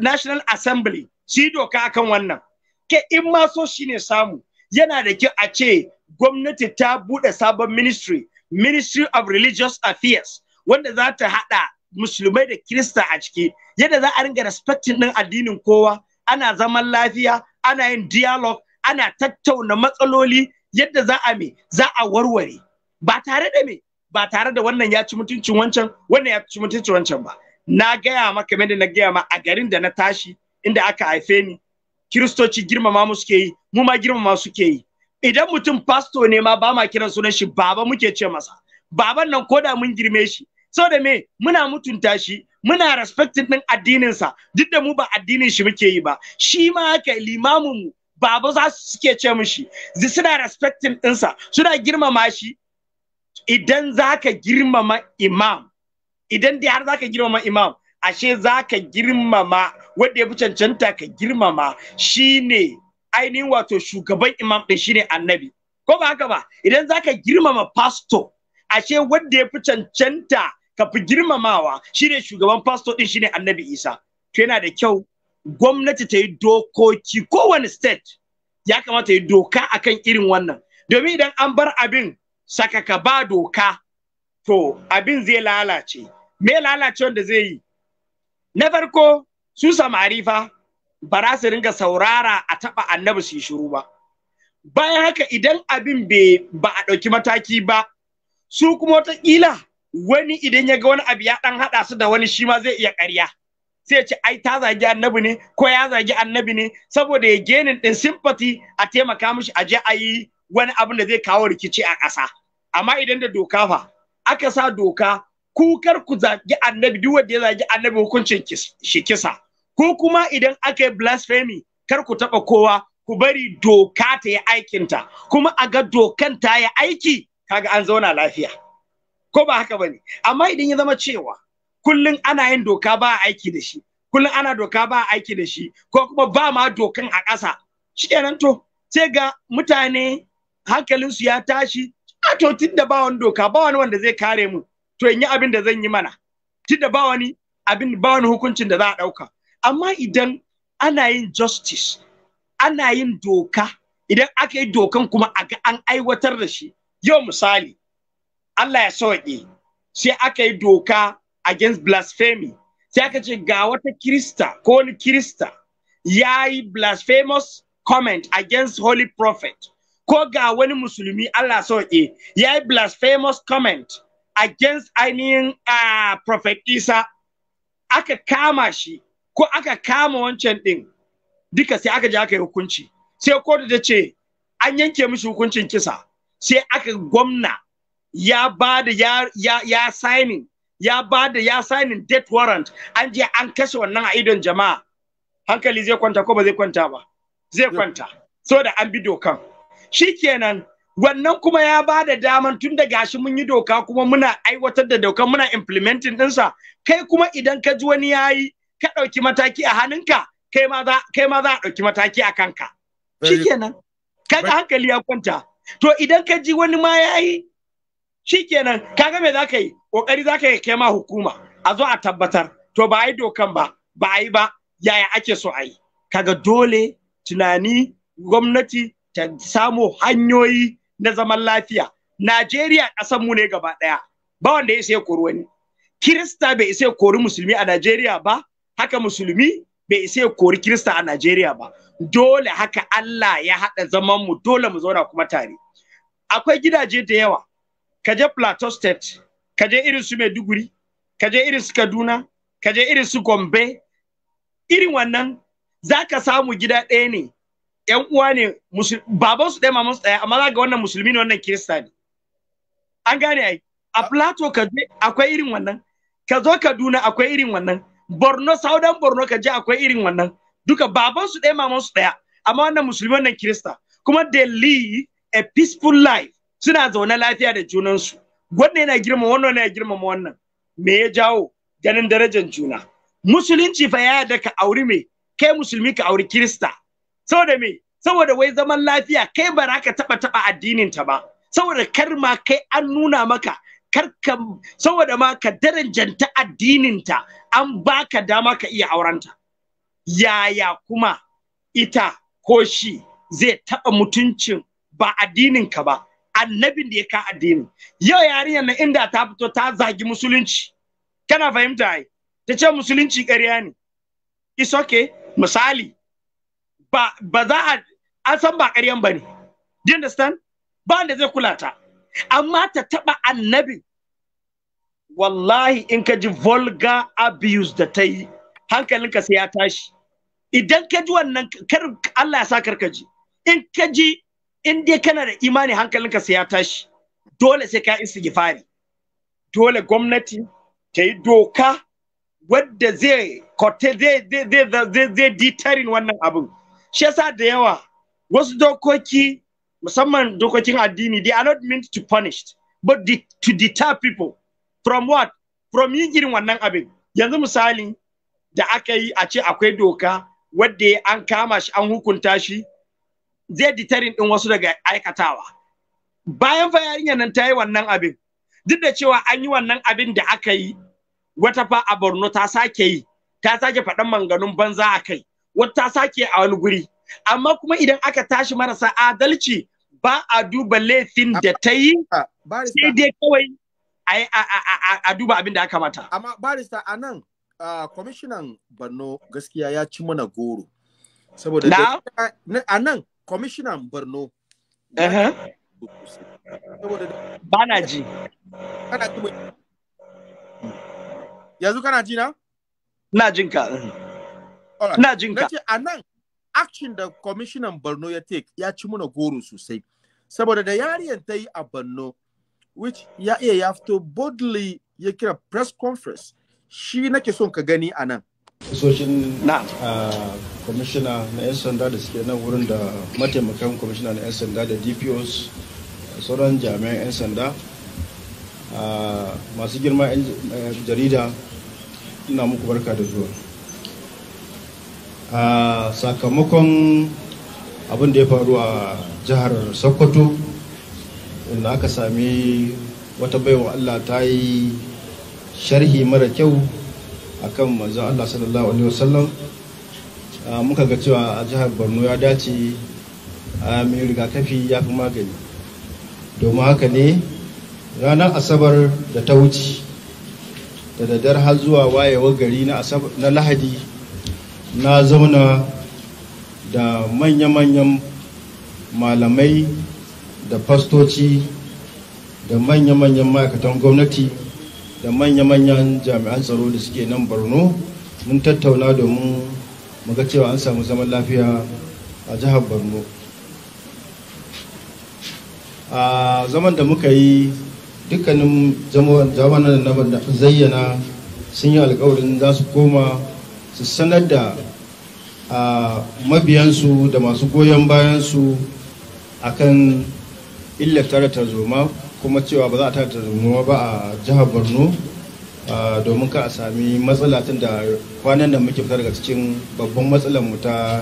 S4: national assembly shi doka akan wannan ke in ma so shine samu yana da kyau a ce gwamnati ta bude sabon ministry ministry of religious affairs wanda za ta hada musulmai da kirista a ciki yadda za a ringa respecting din addinin kowa ana zaman lafiya ana yin dialogue ana tattauna matsaloli yadda za a me za a warware ba tare da me ba tare da wannan ya ci mutuncin wancan wannan ya ci mutuncin wancan ba na gaya maka da na gaya ma a garin da na tashi inda aka haife ni kiristoci girmama mu suke yi mu ma girmama suke yi idan mutum pasto ne ma ba ma kiran sunan shi baba muke ce masa baban nan koda mun girme shi saboda me muna mutunta shi muna respecting din sa duk da mu ba addinin shi muke yi ba shi ma haka limamin mu baba za su suke ce mishi suna respecting ɗinsa suna girmama shi idan za girmama imam idan dai har zaka girmama imam ashe zaka girmama wanda ya fi cancanta ka girmama shine ainihin wato shugaban imam din shine annabi ko ba haka ba idan za ka girmama pastor ashe wanda ya fi cancanta ka fi girmamawa shine shugaban pastor din shine annabi isa to yana da kyau gwamnati ta yi dokoki kowane state ya kamata yi doka akan irin wannan domin idan an bar abin saka ka ba doka to abin zai lalace me lalace wanda zai yi na farko su samari fa ba za su ringa saurara a taɓa annabi su shiru ba bayan haka idan abin ba a ɗauki mataki ba su kuma wataƙila wani idan ya ga wani abu ya ɗan haɗa su da wani shi ma zai iya ƙarya sai ce ai ta zagi annabi ne ko ya zagi annabi ne saboda ya gene ɗin sympathy a taimaka mishi a je a yi wani abin da zai kawo rikici a ƙasa amma idan da doka fa aka sa doka kukar ku zagi annabi duk wanda ya zagi annabi hukuncin shi kisa ko kuma idan aka yi blasphemy kar ku taɓa kowa ku bari doka ta yi aikinta kuma a ga dokan ta yi aiki kaga an zauna lafiya ko ba haka ba ne? amma idan ya zama cewa kullum ana yin doka ba a aiki da shi kullun ana doka ba a aiki da shi ko kuma ba ma dokan a ƙasa shi to sai ga mutane hankalinsu ya tashi a to tunda ba wani doka ba wani wanda zai kare mu to in yi abin da zan yi mana tunda ba wani abin ba wani hukuncin da za a ɗauka amma idan ana yin justice ana yin doka idan aka yi dokan kuma aga an aiwatar da shi yau misali Allah ya sauke sai aka yi doka against blasphemy sai aka ce ga wata kirista ko wani kirista ya yi blasphemous comment against holy prophet ko ga wani musulmi Allah sauke ya yi blasphemous comment against ainihin uh, prophet Isa aka kama shi ko aka kama wancan ɗin, duka sai aka je aka yi hukunci sai kotu ta ce an yanke mishi hukuncin kisa sai aka gwamna ya ba da ya ya ya signing ya ba da ya signing death warrant an je an kashe wannan a idon jama'a hankali zai kwanta ko ba zai kwanta ba zai kwanta so da an bi dokan shikenan wannan kuma ya ba da daman tun da gashi mun yi doka kuma muna aiwatar da dokan muna implementing ɗinsa kai kuma idan ka ji wani yayi ka ɗauki mataki a hannunka kai ma za a ɗauki mataki a kanka Ka kaga hankali ya kwanta to idan ka ji wani ma ya yi. yayi kenan kaga me za ka yi Ƙoƙari za ka yi kai ma hukuma a zo a tabbatar to ba a yi dokan ba ba a yi ba yaya ake so a yi kaga dole tunani gwamnati ta samu hanyoyi na zaman lafiya Najeriya ƙasan mu ne gaba ɗaya ba wanda ya isa ya kori wani Kirista bai isa ya kori musulmi a Najeriya ba haka musulmi bai isa ya kori kirista a Najeriya ba dole haka Allah ya haɗa zaman mu dole mu zauna kuma tare akwai gidaje da yawa kaje Plateau State kaje irin su Maiduguri kaje irin su Kaduna kaje irin su Gombe irin wannan zaka samu gida ɗaya ne ƴan uwa ne baban su ɗaya maman su ɗaya amma za ga wannan musulmi ne wannan kirista ne an gane ai a Plateau kaje akwai irin wannan ka zo Kaduna akwai irin wannan borno saudan borno ka je akwai irin wannan duka baban su ɗaya maman su ɗaya amma wannan musulmi wannan kirista kuma they live a peaceful life suna zaune lafiya da junansu wannan yana girma wannan yana girma wannan me ya jawo ganin darajar juna musulunci fa ya yarda ka auri me kai musulmi ka auri kirista saboda me saboda wai zaman lafiya kai ba za ka taba taba addinin ta ba saboda kar ma kai an nuna maka karka, saboda ma ka darajanta addinin ta an baka dama ka iya aurenta yaya kuma ita ko shi zai taɓa mutuncin ba addinin ka ba annabin da ya ka addini. yau yarinyar na inda ta fito ta zagi musulunci kana fahimta ai ta ce musulunci ƙarya ne is okay misali ba ba za a an san ba ƙaryan ba ne do you understand ba da zai kula ta amma ta taɓa annabin wallahi in ka ji vulgar abuse da ta yi hankalinka sai ya tashi idan ka ji wannan kar Allah ya sa karka ji in ka ji in dai kana da imani hankalinka sai ya tashi dole sai ka istighfari dole gwamnati ta yi doka wadda zai kote zai deterin wannan abin shi yasa da yawa wasu dokoki musamman dokokin addini they are not meant to punish but to deter people from what from yin irin wannan abin yanzu misali da aka yi a ce akwai doka wadda an kama shi an hukunta shi zai ditarin din wasu daga aikatawa bayan fa yarinyar nan ta yi wannan abin duk da cewa an yi wannan abin da aka yi wata fa a Borno ta sake yi ta sake faɗan manganun banza a kai wata ta sake a wani guri amma kuma idan aka tashi marasa adalci ba a duba laifin da ta yi
S1: sai dai kawai
S4: a duba abin da ya kamata.
S1: Amma barista a nan kwamishinan Borno gaskiya ya ci mana goro. Saboda a nan kwamishinan Borno. bana ji. Yanzu kana ji na? Ina jin ka. Ina jin ka. a nan action da kwamishinan Borno ya take ya ci mana goro sosai. Saboda da yariyan ta yi a Borno which ya iya ya fito boldly ya kira press conference shi nake son ka gani a nan. Soshin na ah,
S6: na 'yan sanda da suke nan wurin da mataimakan Komishina na 'yan sanda da DPOs sauran jami'an 'yan sanda ah, masu girma eh, jarida ina muku barka da zuwa. Ah, sakamakon abin da ya faru a jihar Sokoto inda aka sami wata baiwa Allah ta yi sharhi mara kyau akan manzon Allah sallallahu alaihi wasallam muka ga cewa a jihar Borno ya dace a mai rigakafi ya fi magani domin haka ne ranar asabar da ta wuce da daddar har zuwa wayewar gari na lahadi na zauna da manya-manyan malamai da fastoci da manya-manyan ma'aikatan gwamnati da manya-manyan jami'an tsaro da suke nan borno mun tattauna domin muga cewa an samu zaman lafiya a jihar borno a zaman da muka yi dukkanin da na zayyana sun yi alkawarin za su koma su sanar da mabiyansu da masu goyon bayansu akan illar tare tarzoma kuma cewa ba za a tare tarzoma ba a jihar borno domin ka a sami matsala tun da kwanan da muke fitar daga cikin babban matsalar mu ta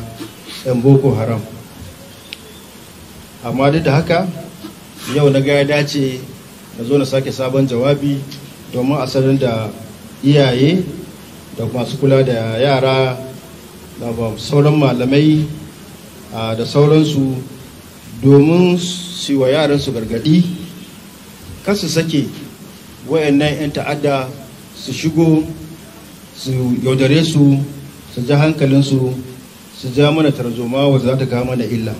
S6: yan boko haram amma duk da haka yau na ga ya dace na zo na sake sabon jawabi domin a sanar da iyaye da masu kula da yara da sauran malamai da sauransu domin su wa yaran su gargadi kasu sake wayannan 'yan ta'adda su shigo su yaudare su su ja hankalinsu su ja mana tarzoma wa za ta kawo mana illa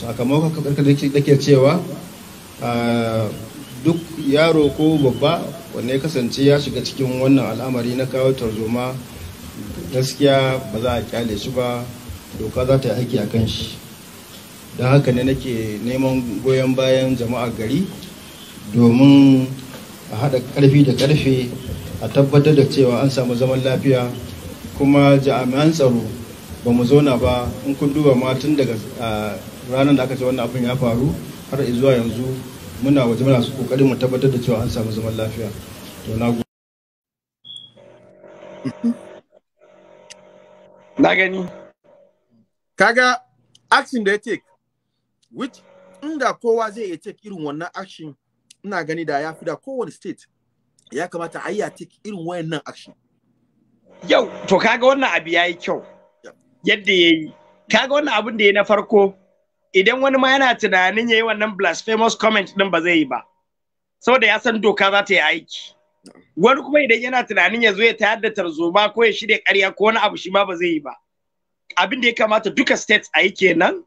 S6: sakamakon da ke cewa duk yaro ko babba wanne ya kasance ya shiga cikin wannan al'amari na kawo tarzoma gaskiya ba za a kyale shi ba doka za ta yi aiki a kan shi don haka ne nake neman goyon bayan jama'a gari domin a haɗa ƙarfi da ƙarfe a tabbatar da cewa an samu zaman lafiya kuma jami'an tsaro ba mu zauna ba in kun duba ma tun daga ranar da aka ce wannan abin ya faru har zuwa yanzu muna waje muna su kokarin mu tabbatar da cewa an samu zaman lafiya to na
S1: na gani kaga action da ya take which inda kowa zai iya take irin wannan action ina gani da ya fi da kowane state ya kamata a iya take irin wayannan action yau to kaga wannan abu yayi kyau yadda yayi kaga wannan abin
S4: da ya na farko idan wani ma yana tunanin yayi wannan blasphemous comment din ba zai yi ba saboda ya san doka za ta yi aiki wani kuma idan yana tunanin ya zo ya tayar da tarzoma ko ya shirya karya ko wani abu shi ma ba zai yi ba abin da ya kamata duka states a yi kenan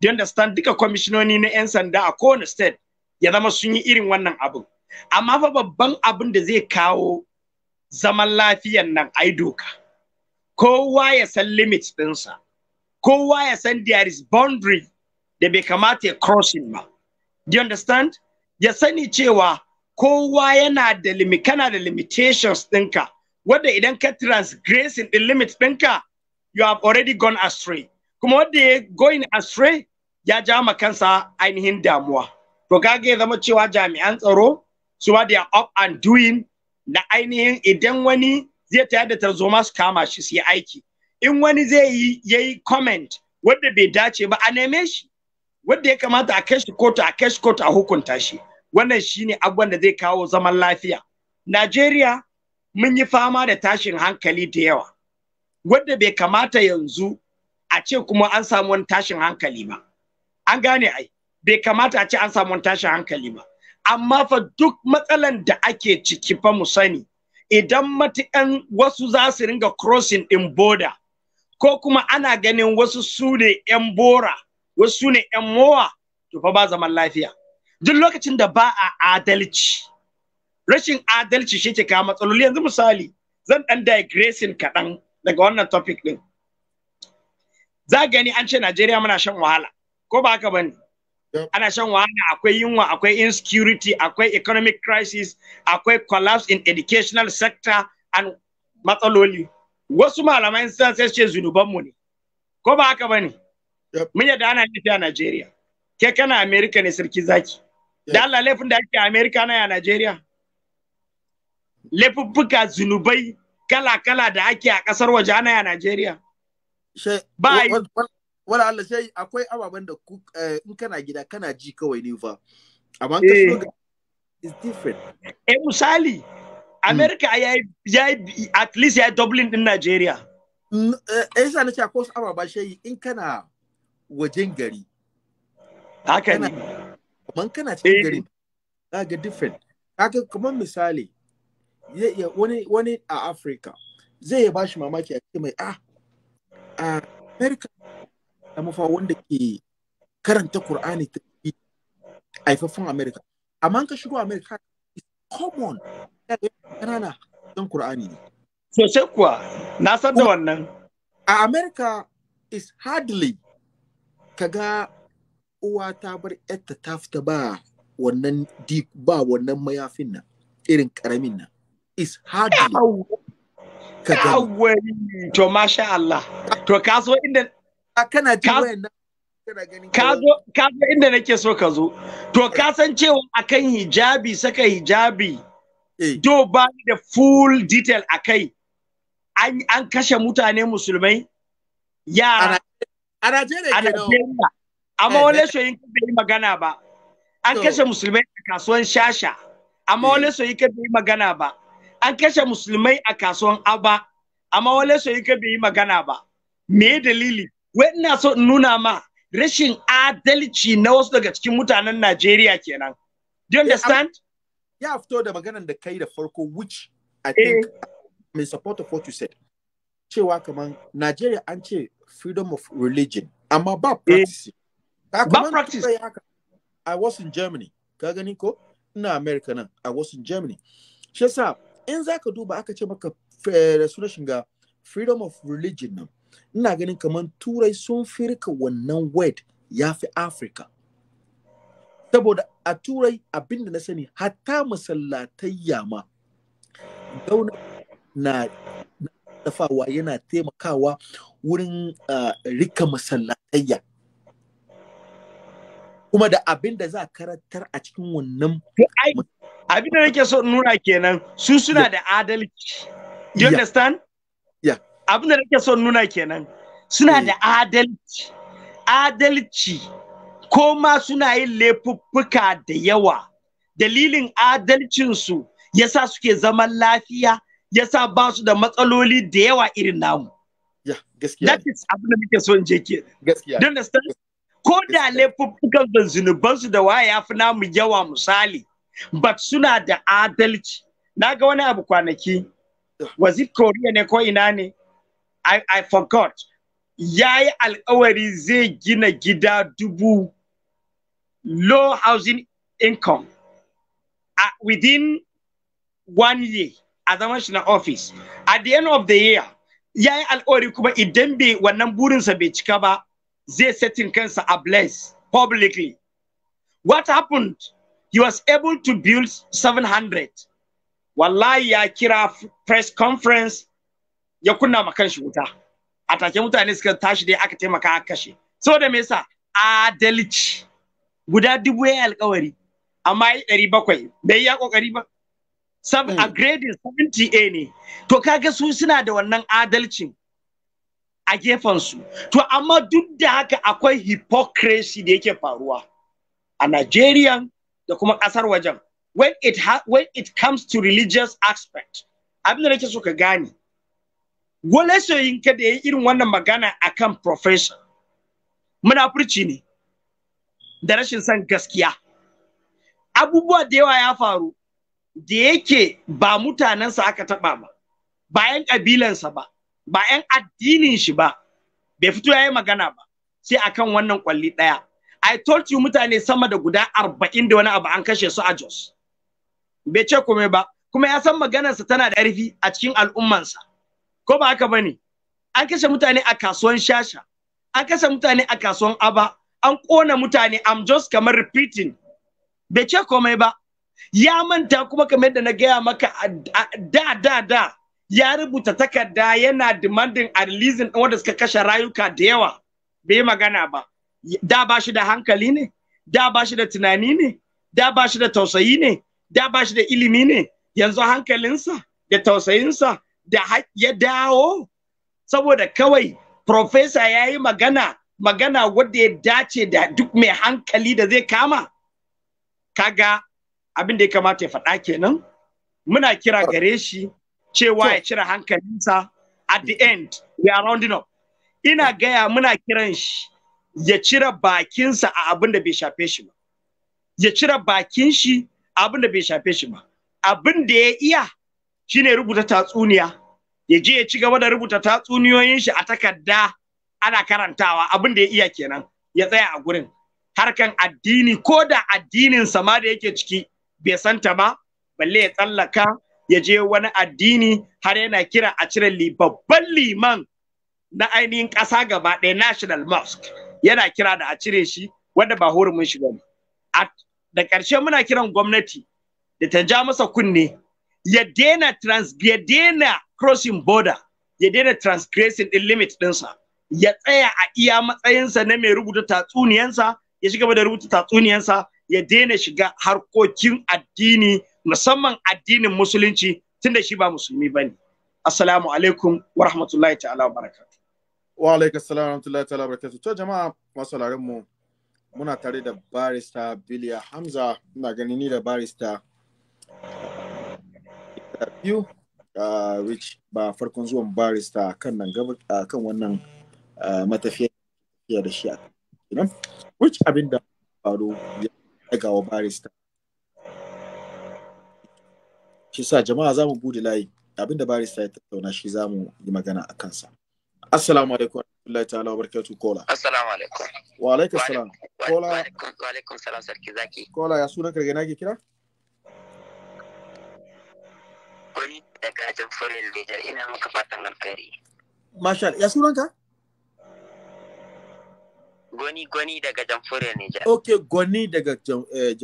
S4: do understand duka kwamishinoni na 'yan sanda a kowane state ya zama sun yi irin wannan abin amma fa babban abin da zai kawo zaman lafiyan nan ai doka kowa ya san limit ɗinsa kowa ya san there is boundary da bai kamata ya crossing ba do you understand ya sani cewa kowa yana da limit kana da limitations ɗinka wanda idan ka transgressing the limit ɗinka you have already gone astray kuma wanda ya going astray ya ja ma kansa ainihin damuwa to kage zama cewa jami'an tsaro su ma da up and doing na ainihin idan wani zai tayar da tarzoma su kama shi su yi aiki in wani zai yi ya yi comment wanda bai dace ba a neme shi wanda ya kamata a kai kotu a kai kotu a hukunta shi wannan shi ne abubuwan da zai kawo zaman lafiya Najeriya mun yi fama da tashin hankali da yawa wanda bai kamata yanzu a ce kuma an samu wani tashin hankali ba an gane ai bai kamata a ce an samu tashin hankali ba amma fa duk matsalan da ake ciki fa mu sani idan matukan wasu za su ringa crossing din border ko kuma ana ganin wasu su ne 'yan bora wasu su ne 'yan mowa to fa ba zaman lafiya duk lokacin da ba a adalci rashin adalci shi ke kawo matsaloli yanzu misali zan dan digressing kaɗan daga wannan topic din za gani an ce Najeriya muna shan wahala ko ba haka bane ana shan wahala akwai yunwa akwai insecurity akwai economic crisis akwai collapse in educational sector and matsaloli wasu malaman sun sai ce mu ne ko ba haka bane mun yadda ana yi a Najeriya ke kana America ne sarki zaki da Allah laifin da ake a America na a Najeriya laifuffuka zunubai
S1: kala-kala da ake a kasar waje ana ya Najeriya ba wala Allah sai akwai ababen da eh, in kana gida kana ji kawai ne fa amma ka shigo eh. is different eh misali hmm. America ya ya at least
S4: ya yi Dublin din Nigeria
S1: eh, eh sai na ce akwai su ababa shayi in kana wajen gari haka ne kamar kana cikin gari ka ga different haka kamar misali wani wani a Africa zai ya bashi mamaki a ce mai ah, ah America ta fa wanda ke karanta Kur'ani ta haifafin Amerika. amma ka shigo Amerika. It's common kanana don Kur'ani ne
S4: sosai kuwa na san da wannan
S1: a America is hardly kaga uwa ta bar yarta ta fita ba wannan ba wannan mayafin nan irin karamin nan is hardly
S4: kaga to masha Allah to kaso inda kana ji wayannan inda nake so ka zo to ka san cewa akan hijabi saka hijabi eh. do ba da full detail akai an an kashe mutane musulmai yara a Najeriya amma eh, wale soyin ka yi magana ba an kashe musulmai a kasuwan shasha amma eh. wale soyin ka yi magana ba an kashe musulmai a kasuwan aba amma wale soyin ka yi magana ba me dalili wai ina so in nuna ma rashin adalci na wasu daga cikin mutanen Najeriya kenan. Do you eh, understand?
S1: Ya fito da maganar da kai da farko which I think eh. may support of what you said. Cewa kaman Najeriya an ce freedom of religion amma ba eh. practice. Ba practice. I was in Germany. Ka gani ko? Ina America nan. I was in Germany. Shi yasa in zaka duba aka ce maka sunan shiga freedom of religion nan. ina ganin kamar turai sun fi rika wannan word ya fi afirka saboda a turai abinda na sani hatta masallatai yama gauna na dafawa yana taimakawa wurin ah, rika masallatayya kuma da abin da za karantar a cikin wannan
S4: abin da nake so nuna kenan su suna da adalci you understand abin da nake son nuna kenan suna eh. da adalci adalci ko ma suna yin laifuffuka da yawa dalilin adalcinsu yasa suke zaman lafiya yasa ba su da matsaloli da yawa irin namu that da nake son je ko da laifuffukan da su da waya fi namu yawa misali but suna da adalci na ga wani abu kwanaki wazir koriya korea ne ko ina ne I, I forgot ya yi alkawari zai gina gida dubu low housing income uh, within one year a zaman shi na office at the end of the year ya yi alkawari kuma idan bai wannan burinsa bai cika ba zai setin kansa a bless publicly what happened he was able to build 700 wallahi ya kira press conference ya kunna ma kanshi wuta a take mutane suka tashi dai aka taimaka aka kashe saboda me yasa adalci guda dubu ya alkawari amma yi ɗari bakwai bai ya kokari ba sab a hmm. grading 70a ne to kaga su suna da wannan adalcin a gefen su. to amma duk da haka akwai hypocrisy da yake faruwa a Najeriya da kuma ƙasar wajen when it when it comes to religious aspect abin da nake so ka gane wale so da ya yi irin wannan magana akan profession furci ne da rashin san gaskiya abubuwa da yawa ya faru da yake ba mutanensa aka taɓa ba ba 'yan ƙabilansa ba ba 'yan addinin shi ba bai fito ya yi magana ba sai akan wannan kwalli ɗaya I told you mutane sama da guda arba'in da wani abu an kashe su a Jos. Bai ce kome ba, kuma ya san maganarsa tana da ƙarfi a cikin al'ummansa. ko ba haka bane an kashe mutane a kasuwan shasha an kashe mutane a kasuwan aba an kona mutane i'm just kamar repeating bai ce komai ba ya manta kuma kamar da na gaya maka da da da ya rubuta takarda yana demanding a releasing wanda suka kashe rayuka da yawa bai magana ba da ba shi da hankali ne da ba shi da tunani ne da ba shi da tausayi ne da ba shi da ilimi ne yanzu hankalinsa da tausayinsa da ya dawo saboda kawai profesa ya yi magana magana wadda ya dace da duk mai hankali da zai kama kaga abin da ya kamata ya faɗa kenan muna kira gare shi cewa ya cire hankalinsa at the end we are rounding up ina gaya muna kiran shi ya cire bakinsa a abin da bai shafe shi ba ya cire bakin shi a abin da bai shafe shi ba abin da ya iya shine rubuta tatsuniya ya je ya ci gaba da rubuta tatsuniyoyin shi a takarda ana karantawa abin da ya iya kenan ya tsaya a gurin harkan addini ko da addinin samada da yake ciki bai santa ba balle ya tsallaka ya je wani addini har yana kira a cire babban liman na ainihin ƙasa gaba ɗaya national mosque yana kira da a cire shi wanda ba hurumin shi bane da ƙarshe muna kiran gwamnati da ta ja masa kunne ya daina trans crossing border ya daina transgressing din limit ɗinsa ya tsaya a iya matsayinsa na mai rubuta tatsuniyansa ya shiga da rubuta tatsuniyansa ya daina shiga harkokin addini musamman addinin musulunci tunda shi ba musulmi ba ne assalamu alaikum
S1: wa rahmatullahi ta'ala wa barakatu wa alaikum assalamu wa rahmatullahi ta'ala wa to jama'a masu mu muna tare da barista Bilia hamza ina ganin ni da barista biyu rich ba farkon zuwan barista kan nan gaba kan wannan matafiya da shi a kan which abin da faru ya daga wa barista shi sa jama'a za mu bude layi abin da barista ya tattauna shi za mu yi magana a kansa assalamu alaikum warahmatullahi ta'ala wabarakatuh kola assalamu alaikum wa alaikum salam kola wa alaikum salam sarki zaki kola ya sunan karge na ke kira
S2: goni daga jamhuriyar Nijar ina maka fatan alkari
S1: Masha ya sunanka? goni goni daga jamhuriyar Nijar. Ok, goni daga eh,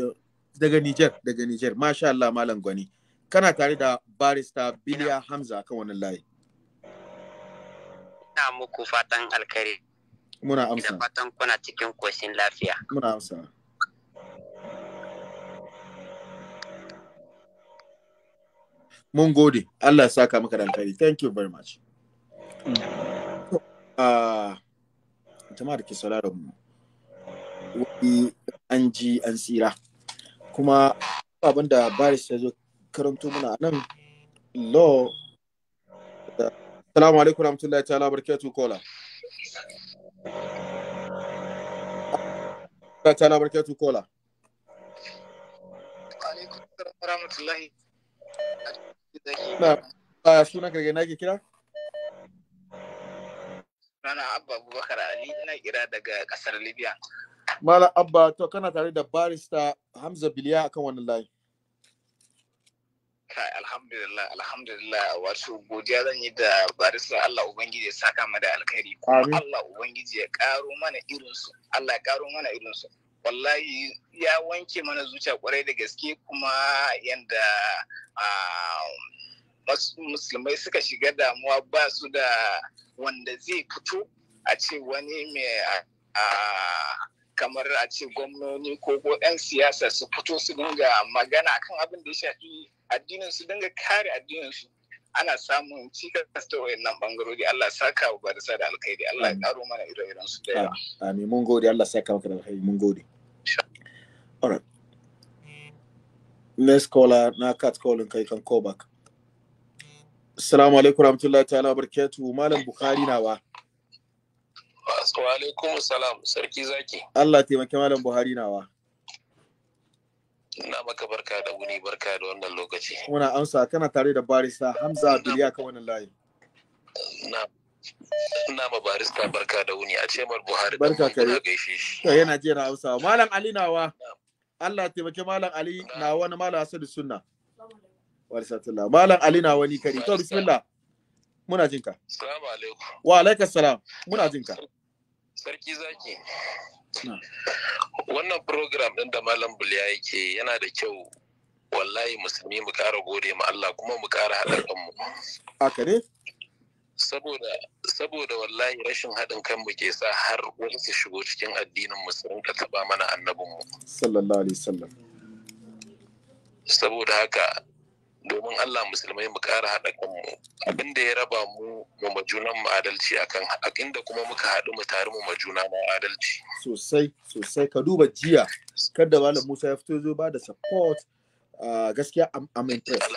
S1: daga Nijar, daga Nijar. Masha Allah malam goni Kana tare da barista Biliya Hamza kan wannan layi.
S7: Ina muku fatan alkari
S1: Muna amsa. Da fatan kuna
S5: cikin koshin lafiya.
S1: Muna amsa. mun gode Allah saka maka da thank you very much uh, jama'a da ke sauraron mu wani an ji an tsira kuma abin da baris ya zo karanto muna nan law da salamu alaikum rahmatullahi ta'ala barkatu kola ta'ala barkatu kola na a sunan karge na ke kira
S7: Rana Abba Abubakar Ali ina kira daga kasar
S8: Libya.
S1: Mala Abba to kana tare da barista Hamza Biliya akan wannan layi. Kai alhamdulillah alhamdulillah
S4: wato godiya zan yi da barista Allah Ubangiji ya saka mu da alkhairi
S2: kuma
S8: Allah
S4: Ubangiji ya karo mana su Allah ya karo mana su. wallahi ya wanke mana zuciya kwarai da gaske kuma yadda ah, musulmai suka shiga damuwa ba su da wanda zai fito a ce wani mai ah,
S7: kamar a ce gwamnoni ko ko siyasa su fito su dinga magana kan abin da ya shafi addinin su dinga kare addinin su ana
S8: samun cikas ta wayannan bangarori Allah saka wa barisa da alkhairi Allah ya karo mana ire-iren su da yawa
S1: amin mun gode Allah saka maka da alkhairi mun gode all right next caller na cat calling kai kan call back assalamu alaikum rahmatullahi ta'ala barakatuhu malam bukhari nawa
S8: wa alaikum salam sarki zaki
S1: Allah taimake malam buhari nawa
S8: Ina maka barka da wuni barka da wannan lokaci.
S1: Muna amsa kana tare da barista Hamza Abdulliya kan wannan layi. Na Ina ma barista barka da wuni a ce mar Buhari barka kare. To yana na Hausa. Malam Ali nawa. Allah taimake Malam Ali nawa na Malam Asadu Sunna. Warisatullah. Malam Ali nawa ni kare. To bismillah. Muna jinka.
S8: Assalamu alaikum. Wa
S1: alaikum salam. Muna jinka.
S8: Sarki zaki. wannan program ɗin da malam buliya yake yana da kyau wallahi musulmi mu ƙara gode ma Allah
S1: kuma mu ƙara haɗa kanmu haka ne saboda saboda wallahi
S8: rashin haɗin kanmu ke sa har wani su shigo cikin addinin musulmi ka taba mana annabinmu
S1: sallallahu alaihi wasallam
S8: saboda haka domin Allah musulmai mu kara haɗa kanmu abin da ya raba mu mu majunan mu adalci akan haƙin da kuma muka haɗu mu tare mu majuna mu adalci
S1: sosai sosai ka duba jiya kada malam Musa ya fito zo ba da support ah, gaskiya am impressed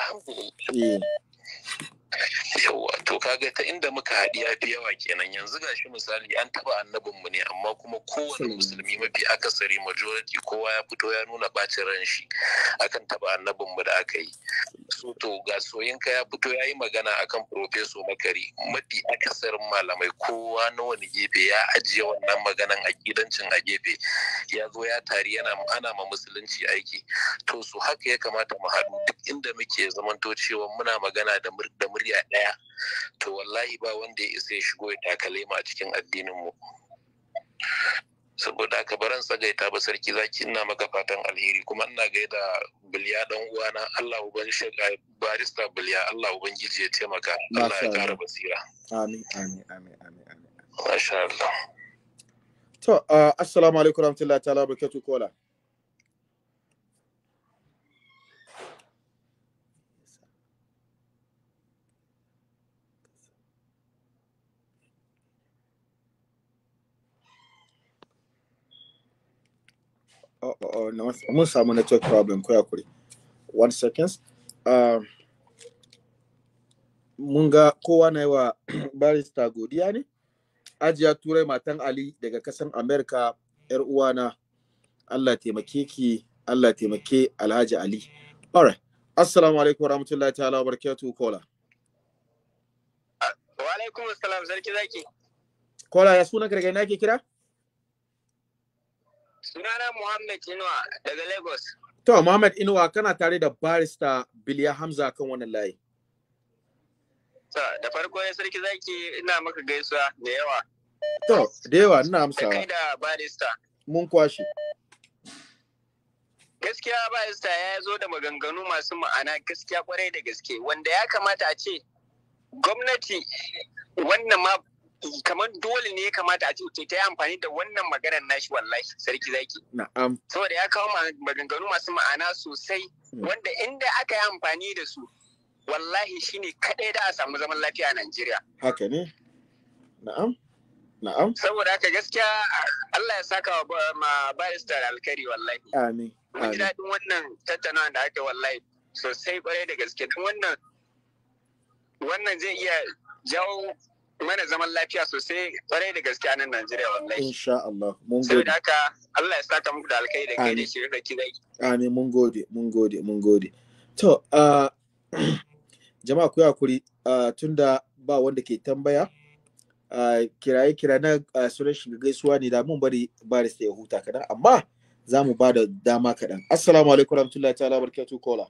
S8: yawa to kaga ta inda muka haɗi ya fi yawa kenan yanzu gashi misali an taɓa
S1: mu ne amma kuma kowane
S8: musulmi mafi akasari majority kowa ya fito ya nuna ɓacin ran shi akan taɓa mu da aka yi so to ga soyinka ya fito ya yi magana akan professor makari mafi akasarin malamai kowa na wani gefe ya ajiye wannan maganan akidancin a gefe ya zo ya tari yana ana ma musulunci aiki to su haka ya kamata mu haɗu duk inda muke zamanto cewa muna magana da mu murya ɗaya to wallahi ba wanda ya isa ya shigo ya takale mu a cikin addininmu saboda haka baran tsagaita ba sarki zaki ina maka fatan alheri kuma ina gaida
S1: biliya dan uwana Allah uban eh, barista biliya Allah ubangiji ya taimaka Allah ya kara basira amin amin amin amin amin masha Allah to uh, assalamu alaikum warahmatullahi ta'ala barakatuh kola oh, oh, oh no. mun samu network problem ko yakuri one seconds uh, mun ga kowa na wa barista godiya ne ajiya turai matan ali daga kasan america yar uwana allah taimake ki allah taimake alhaji ali alright assalamu alaikum warahmatullahi ta'ala wa barakatuhu kola
S7: wa alaikum assalam sarki zaki
S1: kola ya suna gargaɗi na ke kira
S7: Sunana Muhammad Inuwa daga Lagos.
S1: To, Muhammad Inuwa kana tare da barista Biliya Hamza kan wannan layi.
S7: Ta, da farko ya sarki zaki ina maka gaisuwa
S1: da yawa. To, da yawa ina amsawa. Kai da barista. Mun kwashi.
S7: Gaskiya barista ya zo da maganganu masu ma'ana gaskiya kwarai da gaske wanda ya kamata a ce gwamnati wannan ma kamar dole ne ya kamata a ce ta yi amfani da wannan maganar nashi wallahi sarki zaki. Na'am. Saboda ya kawo maganganu masu ma'ana sosai hmm. wanda inda aka yi amfani da su wallahi shine kadai da a samu zaman lafiya a Najeriya.
S1: Haka ne. Na'am. Na'am.
S7: Saboda haka gaskiya Allah ya saka wa ma barista da alkari wallahi. Amin. Mun ji daɗin wannan tattaunawa da aka wallahi sosai kwarai da gaske wannan wannan zai iya jawo mana zaman lafiya sosai kwarai da gaske a nan Najeriya wallahi.
S1: Insha Allah. Mun gode. Saboda haka Allah ya saka muku da alkai da kai da shi da kidai. Amin mun gode mun gode mun gode. To jama'a ku hakuri tunda ba wanda ke tambaya kiraye kira na sunan shi gaisuwa ne da mun bari baris ya huta kaɗan, amma za mu ba da dama kaɗan. Assalamu alaikum warahmatullahi ta'ala barkatu kola.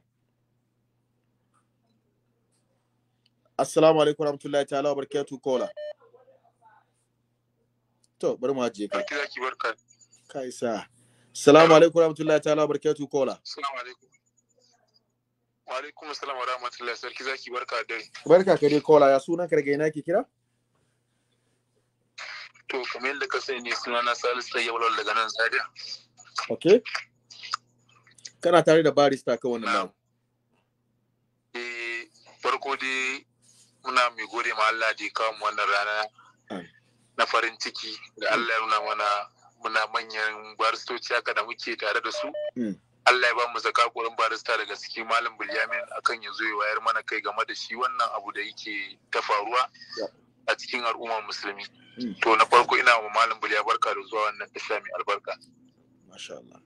S1: assalamu alaikum wa ta'ala barkatu kola to bari mu haje ka kai sa assalamu alaikum warahmatullahi ta'ala barkatu kola assalamu alaikum
S9: wa alaikum assalam wa rahmatullahi sarki zaki barka dai
S1: barka ka dai kola ya sunan karge na ke kira
S9: to kamar yadda ka sani suna na Salisu da Yawalwal daga nan Sadiya
S1: okay kana tare da barista ka wannan nan
S9: eh, farko dai muna mai gode ma Allah da ya kawo mu wannan rana na farin ciki da Allah ya nuna mana muna manyan baristoci haka da muke tare da su. Mm. Allah ya ba mu zaka gurin barista daga cikin Malam Bilyamin akan ya zo ya wayar mana kai game da shi wannan abu da yake ta faruwa a cikin al'ummar musulmi. Mm. To na farko ina wa Malam Bilya barka da zuwa wannan tasha mai
S1: albarka. Masha Allah.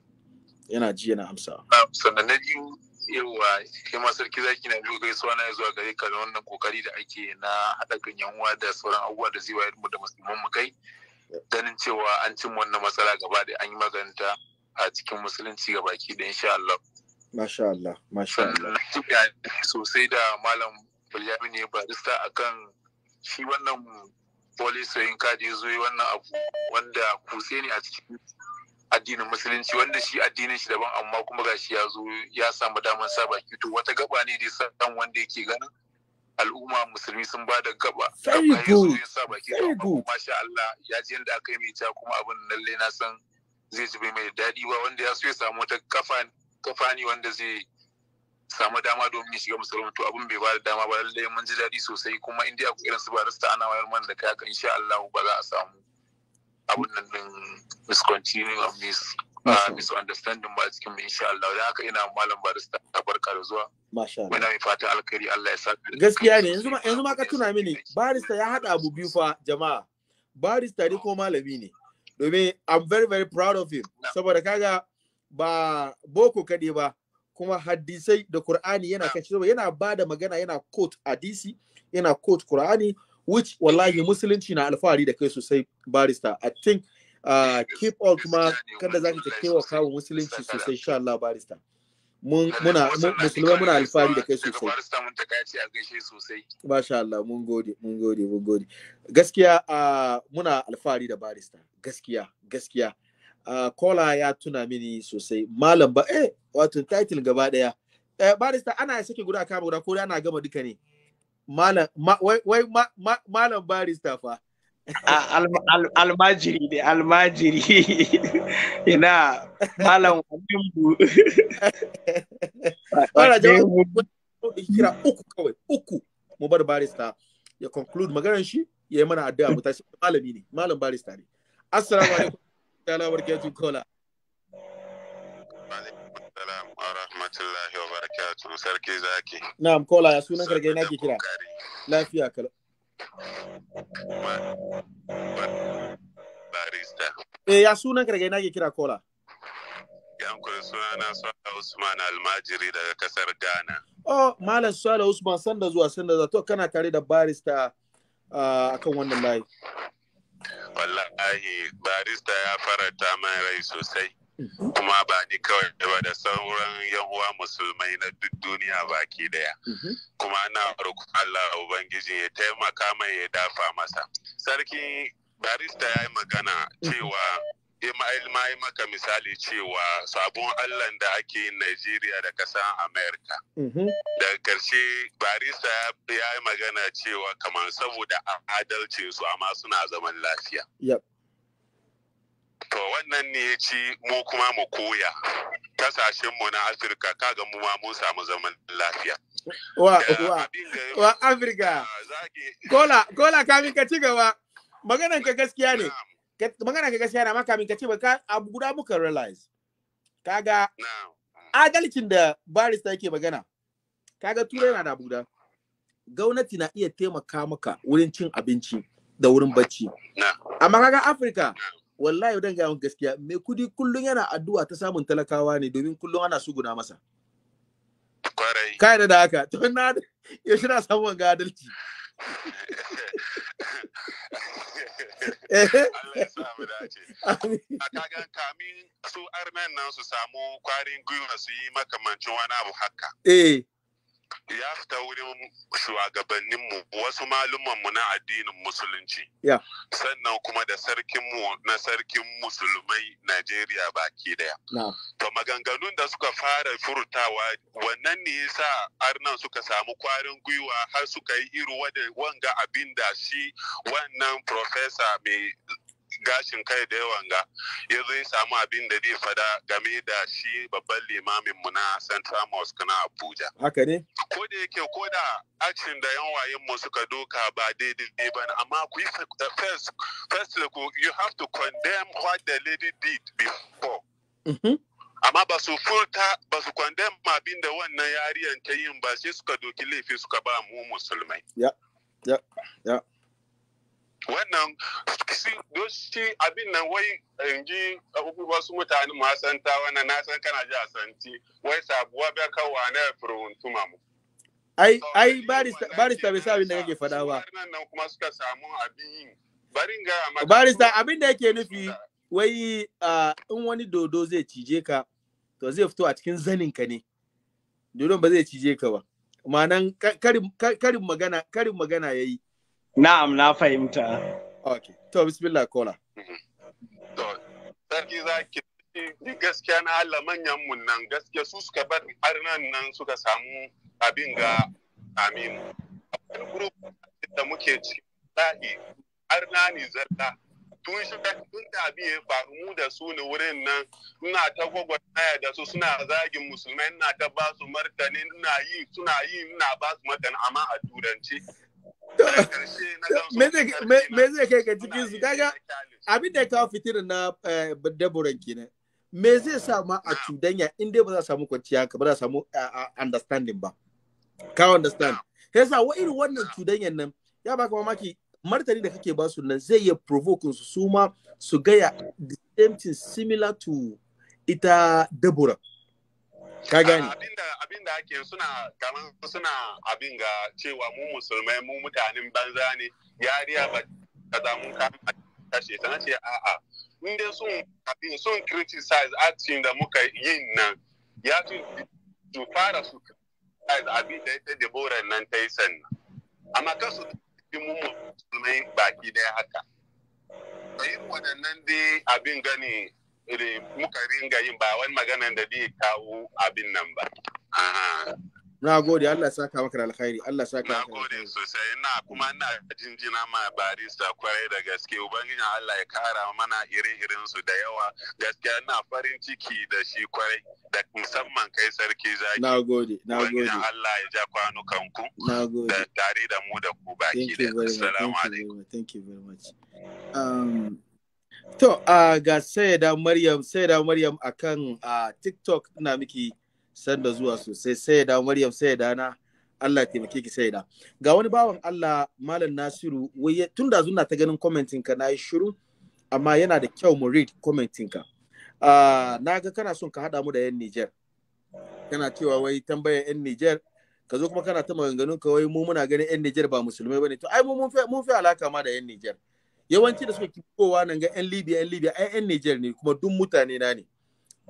S1: Yana ji yana amsa. Sannan
S9: na biyu yawa kai ma sarki zaki na biyu gaisuwa na zuwa gare ka da wannan kokari da ake na haɗa kan yan uwa da sauran abubuwa da zai wayar mu da musulman mu kai ganin cewa an cin wannan matsala gaba da an yi maganta a cikin musulunci ga baki da insha Allah
S6: masha Allah masha Allah
S9: sosai da malam Bilyamin ne barista akan shi wannan police sayin kaji zo wannan abu wanda kutse ne a cikin addinin musulunci wanda shi addinin shi daban amma kuma shi ya zo ya samu damar sa baki to wata gaba ne da san wanda yake ganin al'umma musulmi sun ba da gaba
S6: ya zo ya sa
S9: baki amma masha Allah ya ji yadda aka yi mai ta kuma abin lalle na san zai ji bai mai daɗi ba wanda ya so ya samu wata kafa ne wanda zai samu dama domin ya shiga musulmi to abin bai ba da dama ba lallai mun ji daɗi sosai kuma in akwai irin su ba rasta ana wayar man da kai kan insha Allah ba za a samu abin nan din miscontinuing of this uh, misunderstanding ba a cikin mu insha Allah da haka ina malam barista ta barka da zuwa muna mai fatan alkhairi Allah ya saka
S1: gaskiya ne yanzu ma yanzu ma ka tuna mini barista ya hada abu biyu fa jama'a barista ne ko malami ne domin I'm very very proud of him saboda kaga ba boko kade ba kuma hadisai da Qur'ani yana kashi yana bada magana yana quote hadisi yana quote Qur'ani which wallahi musulunci na alfahari da kai sosai barista i think uh, keep all kuma kada zaki ta kewa kawo musulunci sosai insha Allah barista mun muna musulmai muna alfahari da kai sosai barista
S2: mun ta kace a gaishe
S1: sosai masha Allah mun gode mun gode mun gode gaskiya uh, muna alfahari da barista gaskiya gaskiya uh, kola ya tuna mini sosai malam ba eh wato title gaba daya eh, barista ana sake guda kama guda ko ana gama duka ne malam wai malam barista fa
S4: almajiri ne almajiri
S1: ina malam walimbu kira uku kawai uku mu bar barista ya conclude maganar shi ya yi mana addu'a mu tashi malami ne malam barista ne assalamu alaikum ta'ala barkatu kola wa alaikum rahmatullahi wa barakatuh sarki zaki na'am kola ya sunan karge na ke kira lafiya kala barista eh ya sunan karge na ke kira kola
S10: suna na Swala Usman almajiri daga kasar Ghana
S1: oh malam Sala Usman da zuwa da zuwa to kana tare da barista akan wannan layi
S10: wallahi barista ya faranta mai rai sosai kuma ba ni kawai ba da sauran yan uwa musulmai na duk duniya baki daya mhm. kuma ana roƙon Allah ubangiji ya taimaka mai ya dafa masa sarki barista ya yi magana cewa ma yi maka misali cewa sabon Allah da ake yin Najeriya da kasan Amerika. Mhm. Da karshe barista ya yi magana cewa kamar saboda su amma suna zaman lafiya. To wannan ne ya ci mu kuma mu koya mu na Afirka kaga mu ma mun samu zaman lafiya.
S1: Wa, wa, wa Afirka. Kola, kola kamin ka ci gaba. Maganan ka gaskiya ne. Maganan ka gaskiya ne amma kamin ka ci gaba ka abu guda muka realize. Kaga adalcin da barista yake magana. Kaga turai na da abu guda. Gwamnati na iya taimaka maka wurin cin abinci da wurin bacci. Amma kaga Afirka. wallahi dan ga gaskiya mai kudi kullun yana addu'a ta samun talakawa ne domin kullun ana suguna masa kwarai kai da haka to na shi na samu wanga adalci
S2: eh.
S10: kamin su armen nan su samu kwarin gwiwa su yi makamancin wani abu haka
S6: eh ya
S10: fita wurin shugabanninmu wasu malumanmu na addinin
S2: musulunci sannan kuma da sarkinmu na sarkin musulmai najeriya baki daya to maganganun da suka fara
S10: furtawa wannan ne yasa arnan suka samu kwarin gwiwa har suka yi iri wanga abin da shi wannan profesa mai gashin kai da yawan ga ya zo ya samu abin da zai fada game da shi babban
S1: limamin mu na central mosque na abuja haka ne ko da yake ko da action da yan wayen mu suka doka ba daidai ba amma ku yi
S10: first eh, first you have to condemn what the lady did before mm-hmm. amma ba su furta ba su condemn abin da wannan yariyan ta yin ba sai suka doki laifi suka ba mu musulmai
S1: ya ya ya
S10: wannan shi abin nan wai in ji wasu mutane ma san ta wannan na san kana ji a santi wai sabuwa bai kawo na furuntuma mu
S1: ai ai barista barista bai sabin da kake faɗa ba
S10: nan kuma suka
S1: samu abin barin ga barista abin da yake nufi wai in wani dodo zai cije ka to zai fito a cikin zanin ka ne dodon ba zai cije ka ba ma'anan karin magana karin magana yayi Na'am na fahimta. Okay. To bismillah kola.
S2: Mhm. To sarki
S10: zaki gaskiya na Allah manyan mun nan gaskiya su suka bar arnan nan suka samu abin ga A Akwai group da muke ci lahi arna ne zarta tun shi tun da abin ya faru mu da su ne wurin nan ina ta gwagwarmaya da su suna zagin musulmai ina ta ba su martani ina yi suna yi ina ba su martani amma a turanci me
S1: zai kai ka cikin su kaga abin da ya kawo fitirin na eh, daburan kenan me zai sa ma a cudanya in dai ba za a samu kwanciya ka ba za a samu understanding ba ka understand yasa wa irin wannan cudanyan nan ya baka mamaki martani da kake ba su nan zai iya provoke su su ma su gaya the same thing similar to ita dabura. ka gani abinda abinda ake
S10: suna kamar suna abin ga cewa mu musulmai mu mutanen banza ne yariya ba ka mun kama kashe ta nace a in dai sun abin sun criticize acting da muka yin nan ya fi su fara su criticize abin da ita Deborah nan ta yi sannan amma kasu mu musulmai baki daya haka sai waɗannan dai abin gani muka ringa yin ba wani magana da zai kawo abin nan ba.
S1: Na gode Allah ka maka alkhairi Allah saka maka. Na
S10: gode sosai ina kuma ina jinjina ma barista kwarai da gaske ubangijin Allah ya kara mana iri-irin su da yawa gaskiya ina farin ciki da shi kwarai da musamman kai sarki zaki.
S1: Na gode na gode. Ubangijin Allah ya ja kwanukan ku. Na gode. Da tare da mu da ku baki da. Assalamu alaikum. Thank you very much. Um, To, uh, ga Sayyada Maryam, Maryam akan uh, TikTok na miki sanda zuwa sosai, da Maryam, da na Allah taimake ki da. Ga wani bawan Allah Malam Nasiru, tun da zuna ta ganin commenting na yi shiru, amma yana da kyau mu read commenting ka. Uh, na ga kana son ka haɗa mu da 'yan Nijar. Kana cewa wai tambayar 'yan Nijar ka zo kuma kana ta maganganun ka wai mu muna ganin 'yan Nijar ba musulmai ne. to ai mu mun fi alaka ma da 'yan Nijar. yawanci da suka kowa nan ga yan libya yan libya ai yan niger ne kuma duk mutane na ne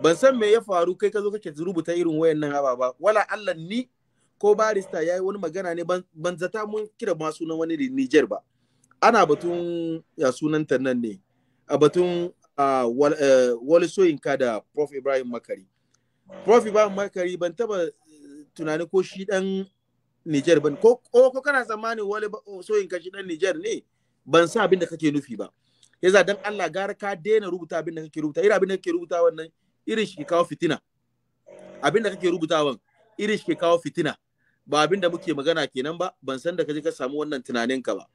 S1: ban san me ya faru kai ka zo kake rubuta irin wayannan ba wala allah ni ko barista yayi wani magana ne ban zata mun kira ma sunan wani niger ba ana batun ya sunanta nan ne a batun wani eh, soyinka da prof ibrahim makari prof ibrahim makari ban taba eh, tunani ko shi dan niger ban ko ko kana tsammanin wani soyinka shi dan niger ne ban sa abin da kake nufi ba yasa dan Allah gara ka daina rubuta abin da kake rubuta irin abin da kake rubuta wannan irin shi ke kawo fitina abin da kake rubutawan irin shi ke kawo fitina ba abin da muke magana kenan ba ban san da kaje ka samu wannan tunanin ka ba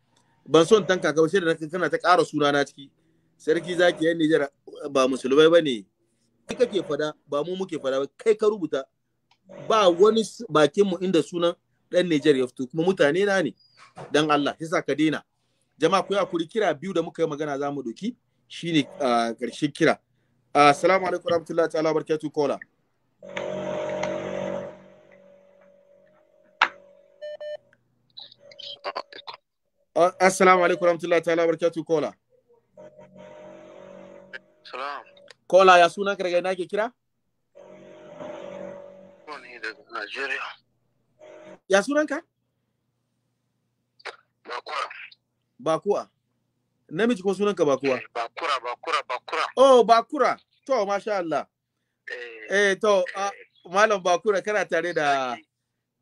S1: ban son tanka ka ba sai da kana ta ƙara suna na ciki sarki zaki yan Nijar ba musulmai bane kai kake fada ba mu muke fada ba kai ka rubuta ba wani bakin mu inda sunan dan Nijar ya fito kuma mutane na ne dan Allah yasa ka daina jama'a ku hakuri kira biyu da muka yi magana za mu doki shine ƙarshen kira assalamu alaikum warahmatullahi ta'ala barkatu kola assalamu alaikum warahmatullahi ta'ala barkatu kola salam kola ya sunan ka daga ina ke kira
S2: ne daga Najeriya
S1: ya sunan ka Bakuwa. Namiji ko sunanka Bakuwa? Eh, Bakura, Bakura, Bakura. Oh, Bakura. To, masha Allah. Eh, eh to, eh. Ah, Malam Bakura kana tare da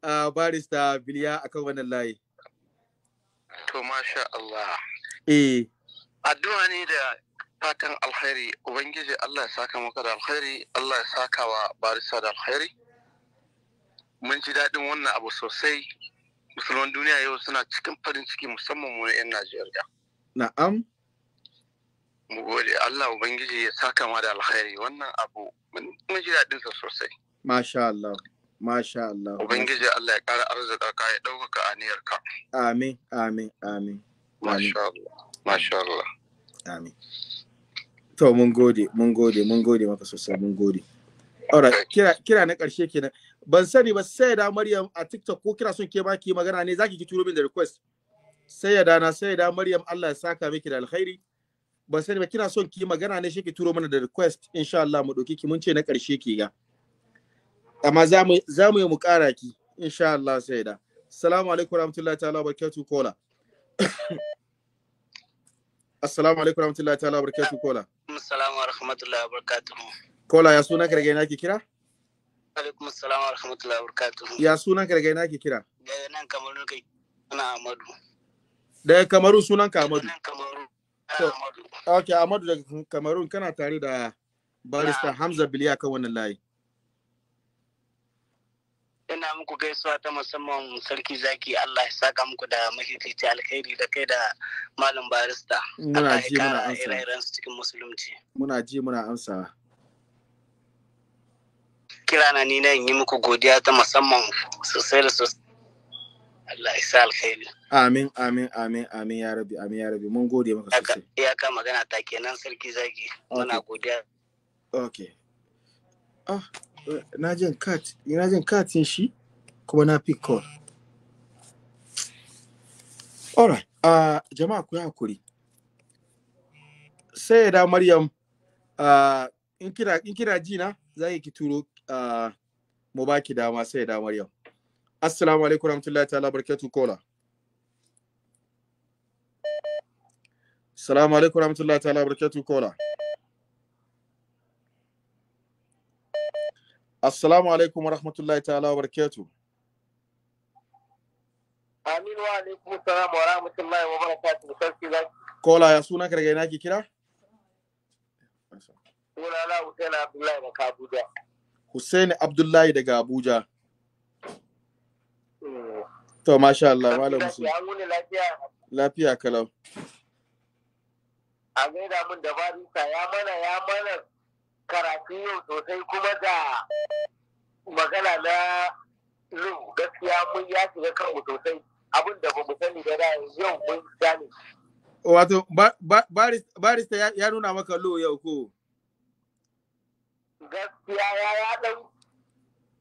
S1: ah, barista Biliya akan wannan layi.
S6: To, masha Allah.
S1: Eh.
S9: Addu'a ne da fatan alkhairi, Ubangiji Allah ya saka maka da alkhairi, Allah ya saka wa barista da alkhairi. Mun ji daɗin wannan abu sosai. musulman duniya yau suna cikin farin ciki musamman mu 'yan Najeriya. Na'am. Mu gode Allah Ubangiji ya saka ma da alkhairi
S7: wannan abu mun ji daɗin sa sosai.
S1: Masha Allah. Masha Allah. Ubangiji
S7: Allah ya ƙara arzika ka ya ɗaukaka aniyarka.
S1: Amin, amin, amin. Masha Allah. Masha Allah. Amin. To mun gode, mun gode, mun gode maka sosai, mun gode. Alright, kira na ƙarshe kenan. ban sani ba sai da Maryam a TikTok ko kira son ke ba ki magana ne zaki ki turo min da request sai da na sai da Maryam Allah ya saka miki da alkhairi ban sani ba kina son ki magana ne shi ki turo mana da request insha Allah mu dauki ki mun ce na karshe ke ga amma za mu za mu yi mu kara ki insha Allah sai da assalamu alaikum warahmatullahi ta'ala barakatuh kola assalamu alaikum warahmatullahi ta'ala barakatuh kola
S7: assalamu alaikum warahmatullahi wabarakatuh
S1: kola ya suna karge na ki kira
S7: alaikum salam wa rahmatullahi wa
S1: ya sunan ka daga ina ke kira
S7: daga nan kamaru kai ana amadu
S1: daga kamaru sunan ka amadu ok amadu daga kamaru kana tare da barista hamza biliya kan wannan layi
S7: ina muku gaisuwa ta musamman sarki zaki Allah ya saka muku da
S1: mahitici alkhairi da kai da malam barista. Muna ji muna
S5: amsa.
S1: Muna ji muna amsa.
S5: kira na ni na yi muku godiya ta musamman
S7: sosai da sosai Allah isa alkhairi
S1: amin amin amin amin ya rabi amin ya rabi mun gode maka sosai
S7: ya ka magana ta kenan sarki zagi, muna godiya Ok.
S1: ah na jin kat na jin katin shi kuma na pick call alright uh, ah, jama'a ku yi hakuri sai da maryam uh, in kira in kira ji na za ki turo Uh, mu baki dama sai damar yau assalamu alaikum warahmatullahi ta'ala barkatu kola assalamu alaikum warahmatullahi ta'ala barkatu kola assalamu alaikum warahmatullahi ta'ala barkatu
S7: Aminu wa alaikum salam wa rahmatullahi wa barakatuhu sarki zaki.
S1: Kola ya suna karga ina ki kira?
S7: Sunana Hussein Abdullahi da
S1: Hussaini Abdullahi daga Abuja. To, masha Allah, Malam Hussein. Lafiya kalau.
S7: A gaida mun da barisa ya mana ya mana karatu yau sosai kuma da magana na lu gaskiya mun ya shiga kanmu sosai abin da ba mu sani da yau mun gane.
S1: Wato, barista ya nuna maka lu yau ko?
S7: gaskiya ya ya ɗan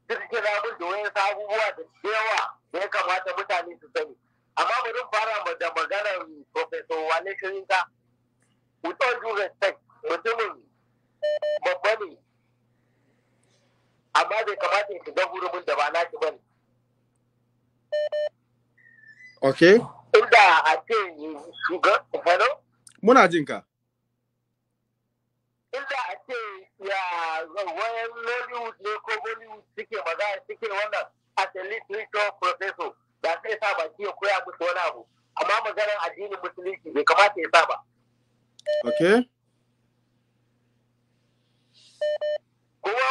S7: kirkira mun da wani abubuwa da yawa da ya kamata mutane su sani amma bari fara da maganar Profesor wale Kirinka, with all due respect mutumin babba ne amma bai kamata ya shiga hurumin da ba naki ba ne ok inda a ce shugaban hello
S1: muna jinka
S7: inda a ce ya wayan Nollywood ne ko Bollywood suke a suke wannan asali literature professor da sai sa baki ya koya musu wani abu amma maganar addinin musulunci bai kamata ya sa ba. Okay. kuma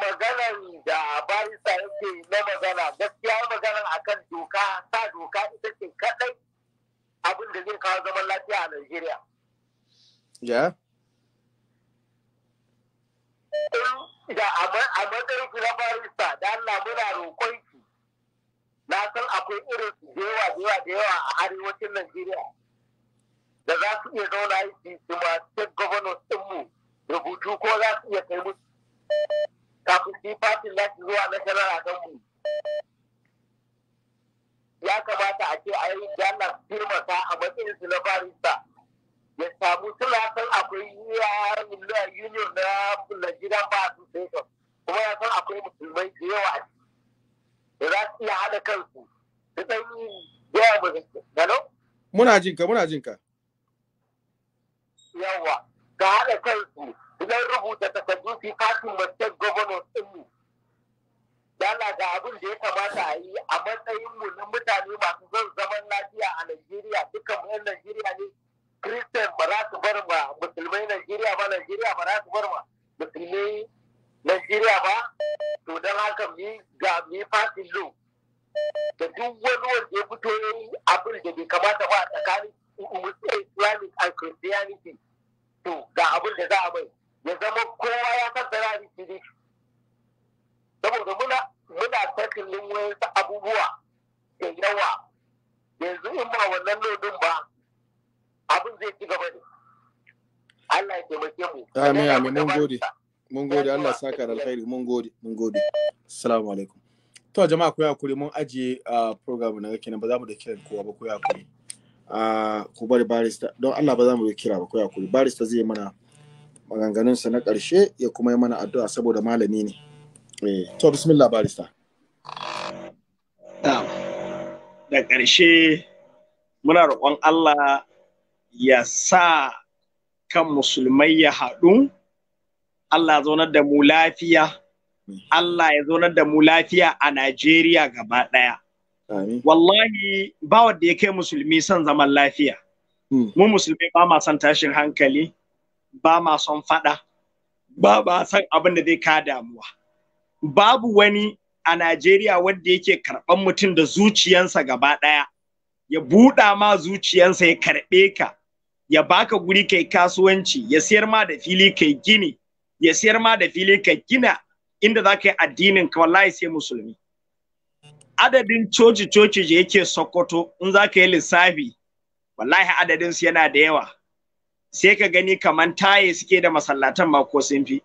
S7: maganar da barista yake na magana gaskiya maganar akan doka sa doka ita ce kadai abin da zai kawo zaman lafiya a Najeriya. Ya? da a matsayin ki na barista da Allah muna roƙon ki na san akwai irin su da da yawa a arewacin Najeriya da za su iya zauna yi su ma state governors ɗinmu rubutu ko za su iya kai musu kafin su yi fatin lati zuwa na shanar a mu ya kamata a ce a yi jalar firmasa a matsayin su na barista ya samu tulasan akwai union na gida ba association kuma ya san akwai musulmai da yawa a ciki za su iya haɗa kansu da ɗan yawa musulmai. Gano?
S1: Muna jinka, muna jinka.
S7: Yawa, ka haɗa kansu idan rubuta takardu fi kafin masjid gwamnan ɗinmu. Dala ga abin da ya kamata a yi a matsayinmu na mutane masu zan zaman lafiya a Najeriya, dukkan mu 'yan Najeriya ne Christian ba za su bar ma musulmai Najeriya ba Najeriya ba za su bar ma musulmai Najeriya ba to don haka mi ga mi fasin lo da duk wani wanda ya fito ya yi abin da bai kamata ba a tsakanin Islamic and Christianity to ga abin da za a bai. ya zama kowa ya san sarari shi saboda muna muna tattalin wayansu abubuwa da yawa yanzu in ba wannan lodin ba abin zai ci gaba ne Allah ya taimake mu
S1: amin amin mun gode mun gode Allah ya saka da alkhairi mun gode mun gode assalamu alaikum to jama'a ku kure mun ajiye program na kenan ba za mu da kiran kowa ba ku yakuri ku bari barista don Allah ba za mu kira ba ku yakuri barista zai mana maganganun sa na ƙarshe ya kuma yi mana addu'a saboda malami ne eh, to bismillah barista
S4: da ƙarshe muna roƙon Allah ya sa kan musulmai ya haɗu Allah zaunar da mu lafiya Allah ya zaunar da mu lafiya a Najeriya gaba ɗaya. Wallahi ba wanda ya kai musulmi son zaman lafiya. Hmm. Mu musulmi ba ma son tashin hankali, ba ma son faɗa, ba ma son abin da zai ka damuwa. Babu wani a Najeriya wanda yake karɓan mutum da zuciyansa gaba ɗaya, ya buɗa ma zuciyansa ya karɓe ka, ya baka guri kai kasuwanci ya siyar ma da fili kai gini ya siyar ma da fili kai gina inda za ka yi addinin ka wallahi sai musulmi adadin coci coci da yake sokoto in za ka yi lissafi wallahi adadin su yana da yawa sai ka gani kaman taye suke da masallatan ma ko sun fi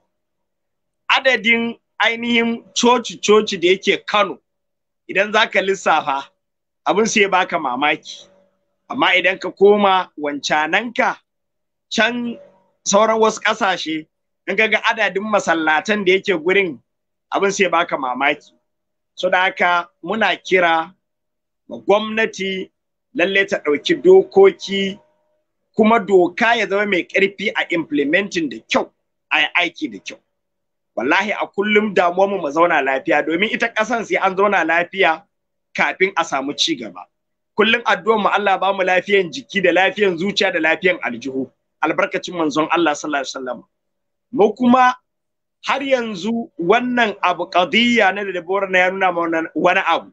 S4: adadin ainihin coci coci da yake kano idan za ka lissafa abin sai baka mamaki amma idan ka koma wancananka can sauran wasu ƙasashe in ga adadin masallatan da yake gurin abin sai baka mamaki so da haka muna kira ma gwamnati lalle ta ɗauki dokoki kuma doka ya zama mai ƙarfi a implementing da kyau a aiki da kyau wallahi a kullum damuwa mu zauna lafiya domin ita ƙasan sai an zauna lafiya kafin a samu ci gaba kullum addu'ar mu Allah ba mu lafiyan jiki da lafiyan zuciya da lafiyan aljihu albarkacin manzon Allah sallallahu alaihi wasallam mu kuma har yanzu wannan abu qadiyya na da dabora na ya nuna wani abu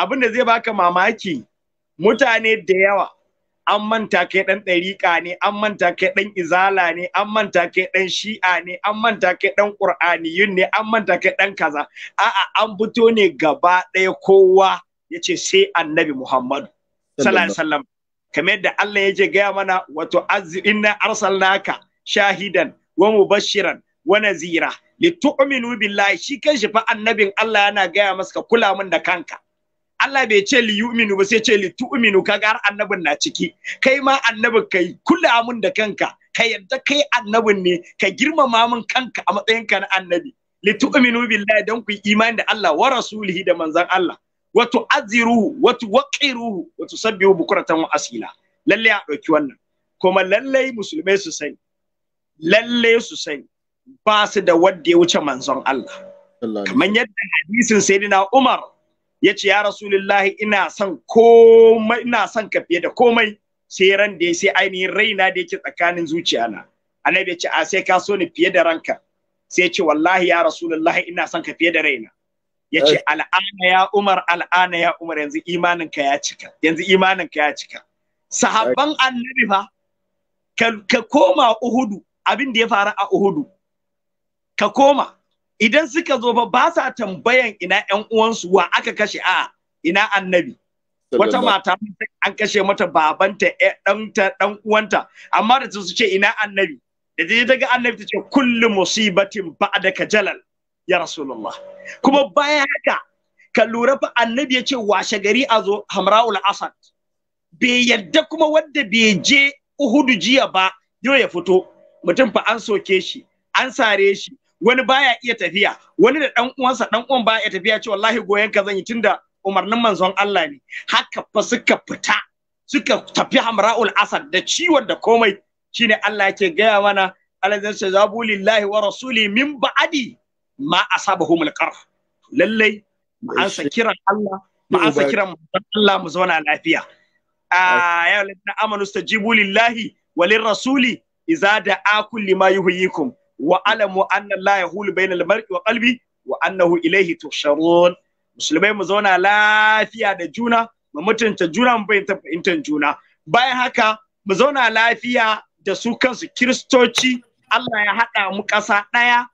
S4: abin da zai baka mamaki mutane da yawa an manta kai dan dariqa ne an manta kai dan izala ne an manta kai dan shi'a ne an manta kai dan qur'aniyun ne an manta kai dan kaza a'a an fito ne gaba ɗaya kowa Ya ce sai annabi Muhammadu sallallahu alaihi kamar yadda Allah ya je gaya mana wato inna arsalnaka shahidan wa mubashiran wa nazira litu'minu billahi shi shi fa annabin Allah yana gaya masa ka kula min da kanka Allah bai ce li yu'minu ba sai ce li tu'minu kaga har annabin na ciki kai ma annabin kai kula mun da kanka ka yadda kai annabin ne ka girmama mun kanka a matsayin ka na annabi li tu'minu billahi dan ku imani da Allah wa rasulihi da manzon Allah watu tu'azziruhu wa watu wa bukura bukratan wa asila lalle a dauki wannan kuma lallai musulmai su sani lalle su sani ba su da wadda ya wuce manzon Allah kamar yadda hadisin sayyidina Umar ya ce ya rasulullahi ina son komai ina son ka fiye da komai sai ran da sai ainihin raina da yake tsakanin zuciyana annabi ya ce a sai ka soni fiye da ranka sai ya ce wallahi ya rasulullahi ina son ka fiye da raina ya ce al'ana ya umar al'ana ya umar yanzu imaninka ya cika yanzu imaninka ya cika sahabban annabi fa ka koma uhudu abin da ya faru a uhudu ka koma idan suka zo ba ba sa tambayan ina ƴan uwansu wa aka kashe a ina annabi wata mata an kashe mata babanta ɗanta ɗan uwanta amma da su ce ina annabi da ta ga annabi ta ce kullu musibatin ba'daka jalal ya rasulullah kuma bayan haka ka lura fa annabi ya ce washe gari a zo hamra'ul asad bai yadda kuma wanda bai je uhudu jiya ba yau ya fito mutum fa an soke shi an sare shi wani baya iya tafiya wani da dan uwansa dan uwan ba ya tafiya ce wallahi goyen ka zan yi tunda umarnin manzon Allah ne haka fa suka fita suka tafi hamra'ul asad da ciwon da komai shine Allah yake gaya mana alazan shazabu lillahi wa rasuli min ba'adi ma asabahum alqarh lallai an sa kiran Allah
S2: ma an sa kiran
S4: Allah mu zauna lafiya ya ladina amanu stajibu lillahi walin rasuli izada da'a kulli ma yuhyikum wa alamu anna la yahulu bayna al-mar'i wa qalbi wa annahu ilayhi musulmai mu zauna lafiya da juna mu mutunta juna mu bayyana fahimtar juna bayan haka mu zauna lafiya da su kansu kiristoci Allah ya haɗa mu ƙasa ɗaya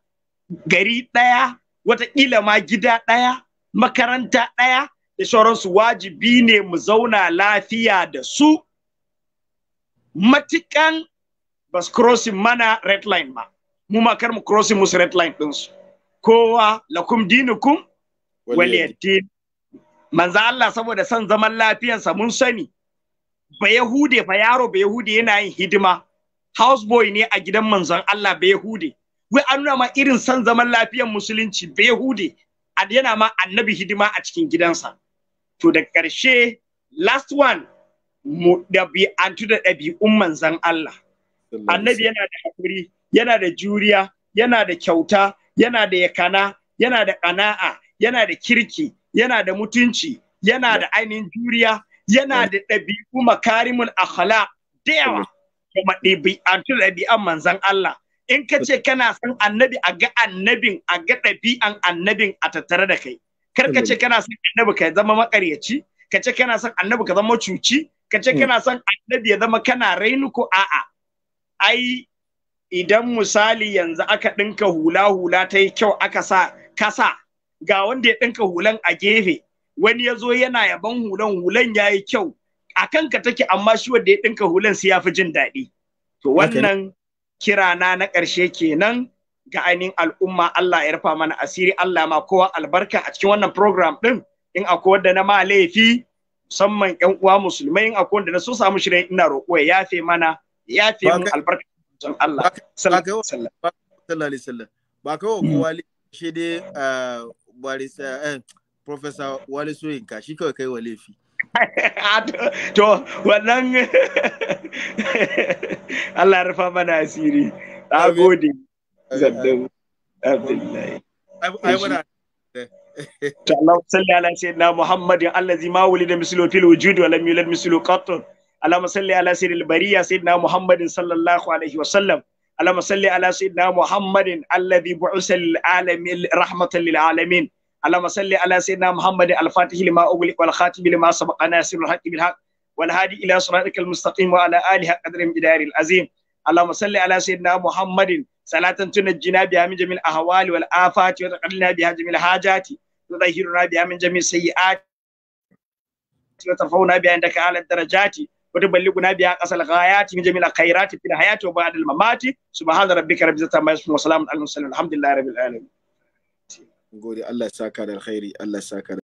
S4: gari ɗaya wataƙila ma gida ɗaya makaranta ɗaya da sauransu wajibi ne mu zauna lafiya da su matuƙan ba su crossing mana red line ba mu ma kar mu crossing musu red line ɗinsu kowa lakum dinukum waliyaddin manzo Allah saboda son zaman lafiyansa mun sani ba Yahude fa yaro ba Yahude yana yin hidima houseboy ne a gidan manzon Allah ba Yahude wai an nuna ma irin son zaman lafiyar musulunci behude yana ma annabi hidima a cikin gidansa to da ƙarshe last one mu ɗabi'antu da ɗabi'un manzan Allah annabi yana da hakuri yana da juriya yana da kyauta yana da yakana yana da ƙana'a yana da kirki yana da mutunci yana da ainihin juriya yana da ɗabi'u makarimun akhlaq da yawa kuma ɗabi'antu da ɗabi'an manzan Allah in ka ce kana san annabi a ga annabin a ga ɗabi'an annabin a tattare da kai kar ka ce kana son annabi ka zama makaryaci ka ce kana son annabi ka zama cuci ka ce mm. kana son annabi ya zama kana rainuku a'a ai idan misali yanzu aka ɗinka hula hula ta yi kyau aka sa kasa ga wanda ya ɗinka hulan a gefe wani ya zo yana yaban hulan hulan ya yi kyau a kanka take amma shi wanda ya ɗinka hulan sai ya fi jin daɗi to wannan kirana na ƙarshe kenan ga ainihin al'umma Allah ya rufa mana asiri Allah ma kowa albarka a cikin wannan program din in akwai wanda na ma laifi musamman ƴan uwa musulmai in akwai wanda na so samu shirin ina roƙo ya yafe
S1: mana yafe mun albarka don Allah sallallahu alaihi wasallam ba kawo kowa shi dai ah, barista eh, professor Wale Soyinka shi kawai kai wa laifi to wannan
S4: Allah rufa mana asiri na gode zaddan abdullahi to Allah salli ala sayyidina Muhammadin allazi ma wulida mislu fil wujudi wa lam yulad mislu qat Allahumma salli ala sayyidil bariya sayyidina Muhammadin sallallahu alaihi wa sallam Allahumma salli ala sayyidina Muhammadin allazi bu'isa lil alamin rahmatan lil alamin اللهم صل على سيدنا محمد الفاتح لما أغلق والخاتم لما سبق ناصر الحق بالحق والهادي إلى صراطك المستقيم وعلى آله قدر الجدار العظيم اللهم صل على سيدنا محمد صلاة تنجينا بها من جميع الأهوال والآفات وتقلنا بها جميع الحاجات وتطهرنا بها من جميع السيئات وترفعنا بها عندك أعلى الدرجات وتبلغنا بها أقصى الغايات من جميع الخيرات في الحياة وبعد الممات سبحان ربك رب العزة عما يصفون وسلام على المرسلين الحمد لله رب العالمين
S1: gode Allah ya saka da alkhairi Allah ya saka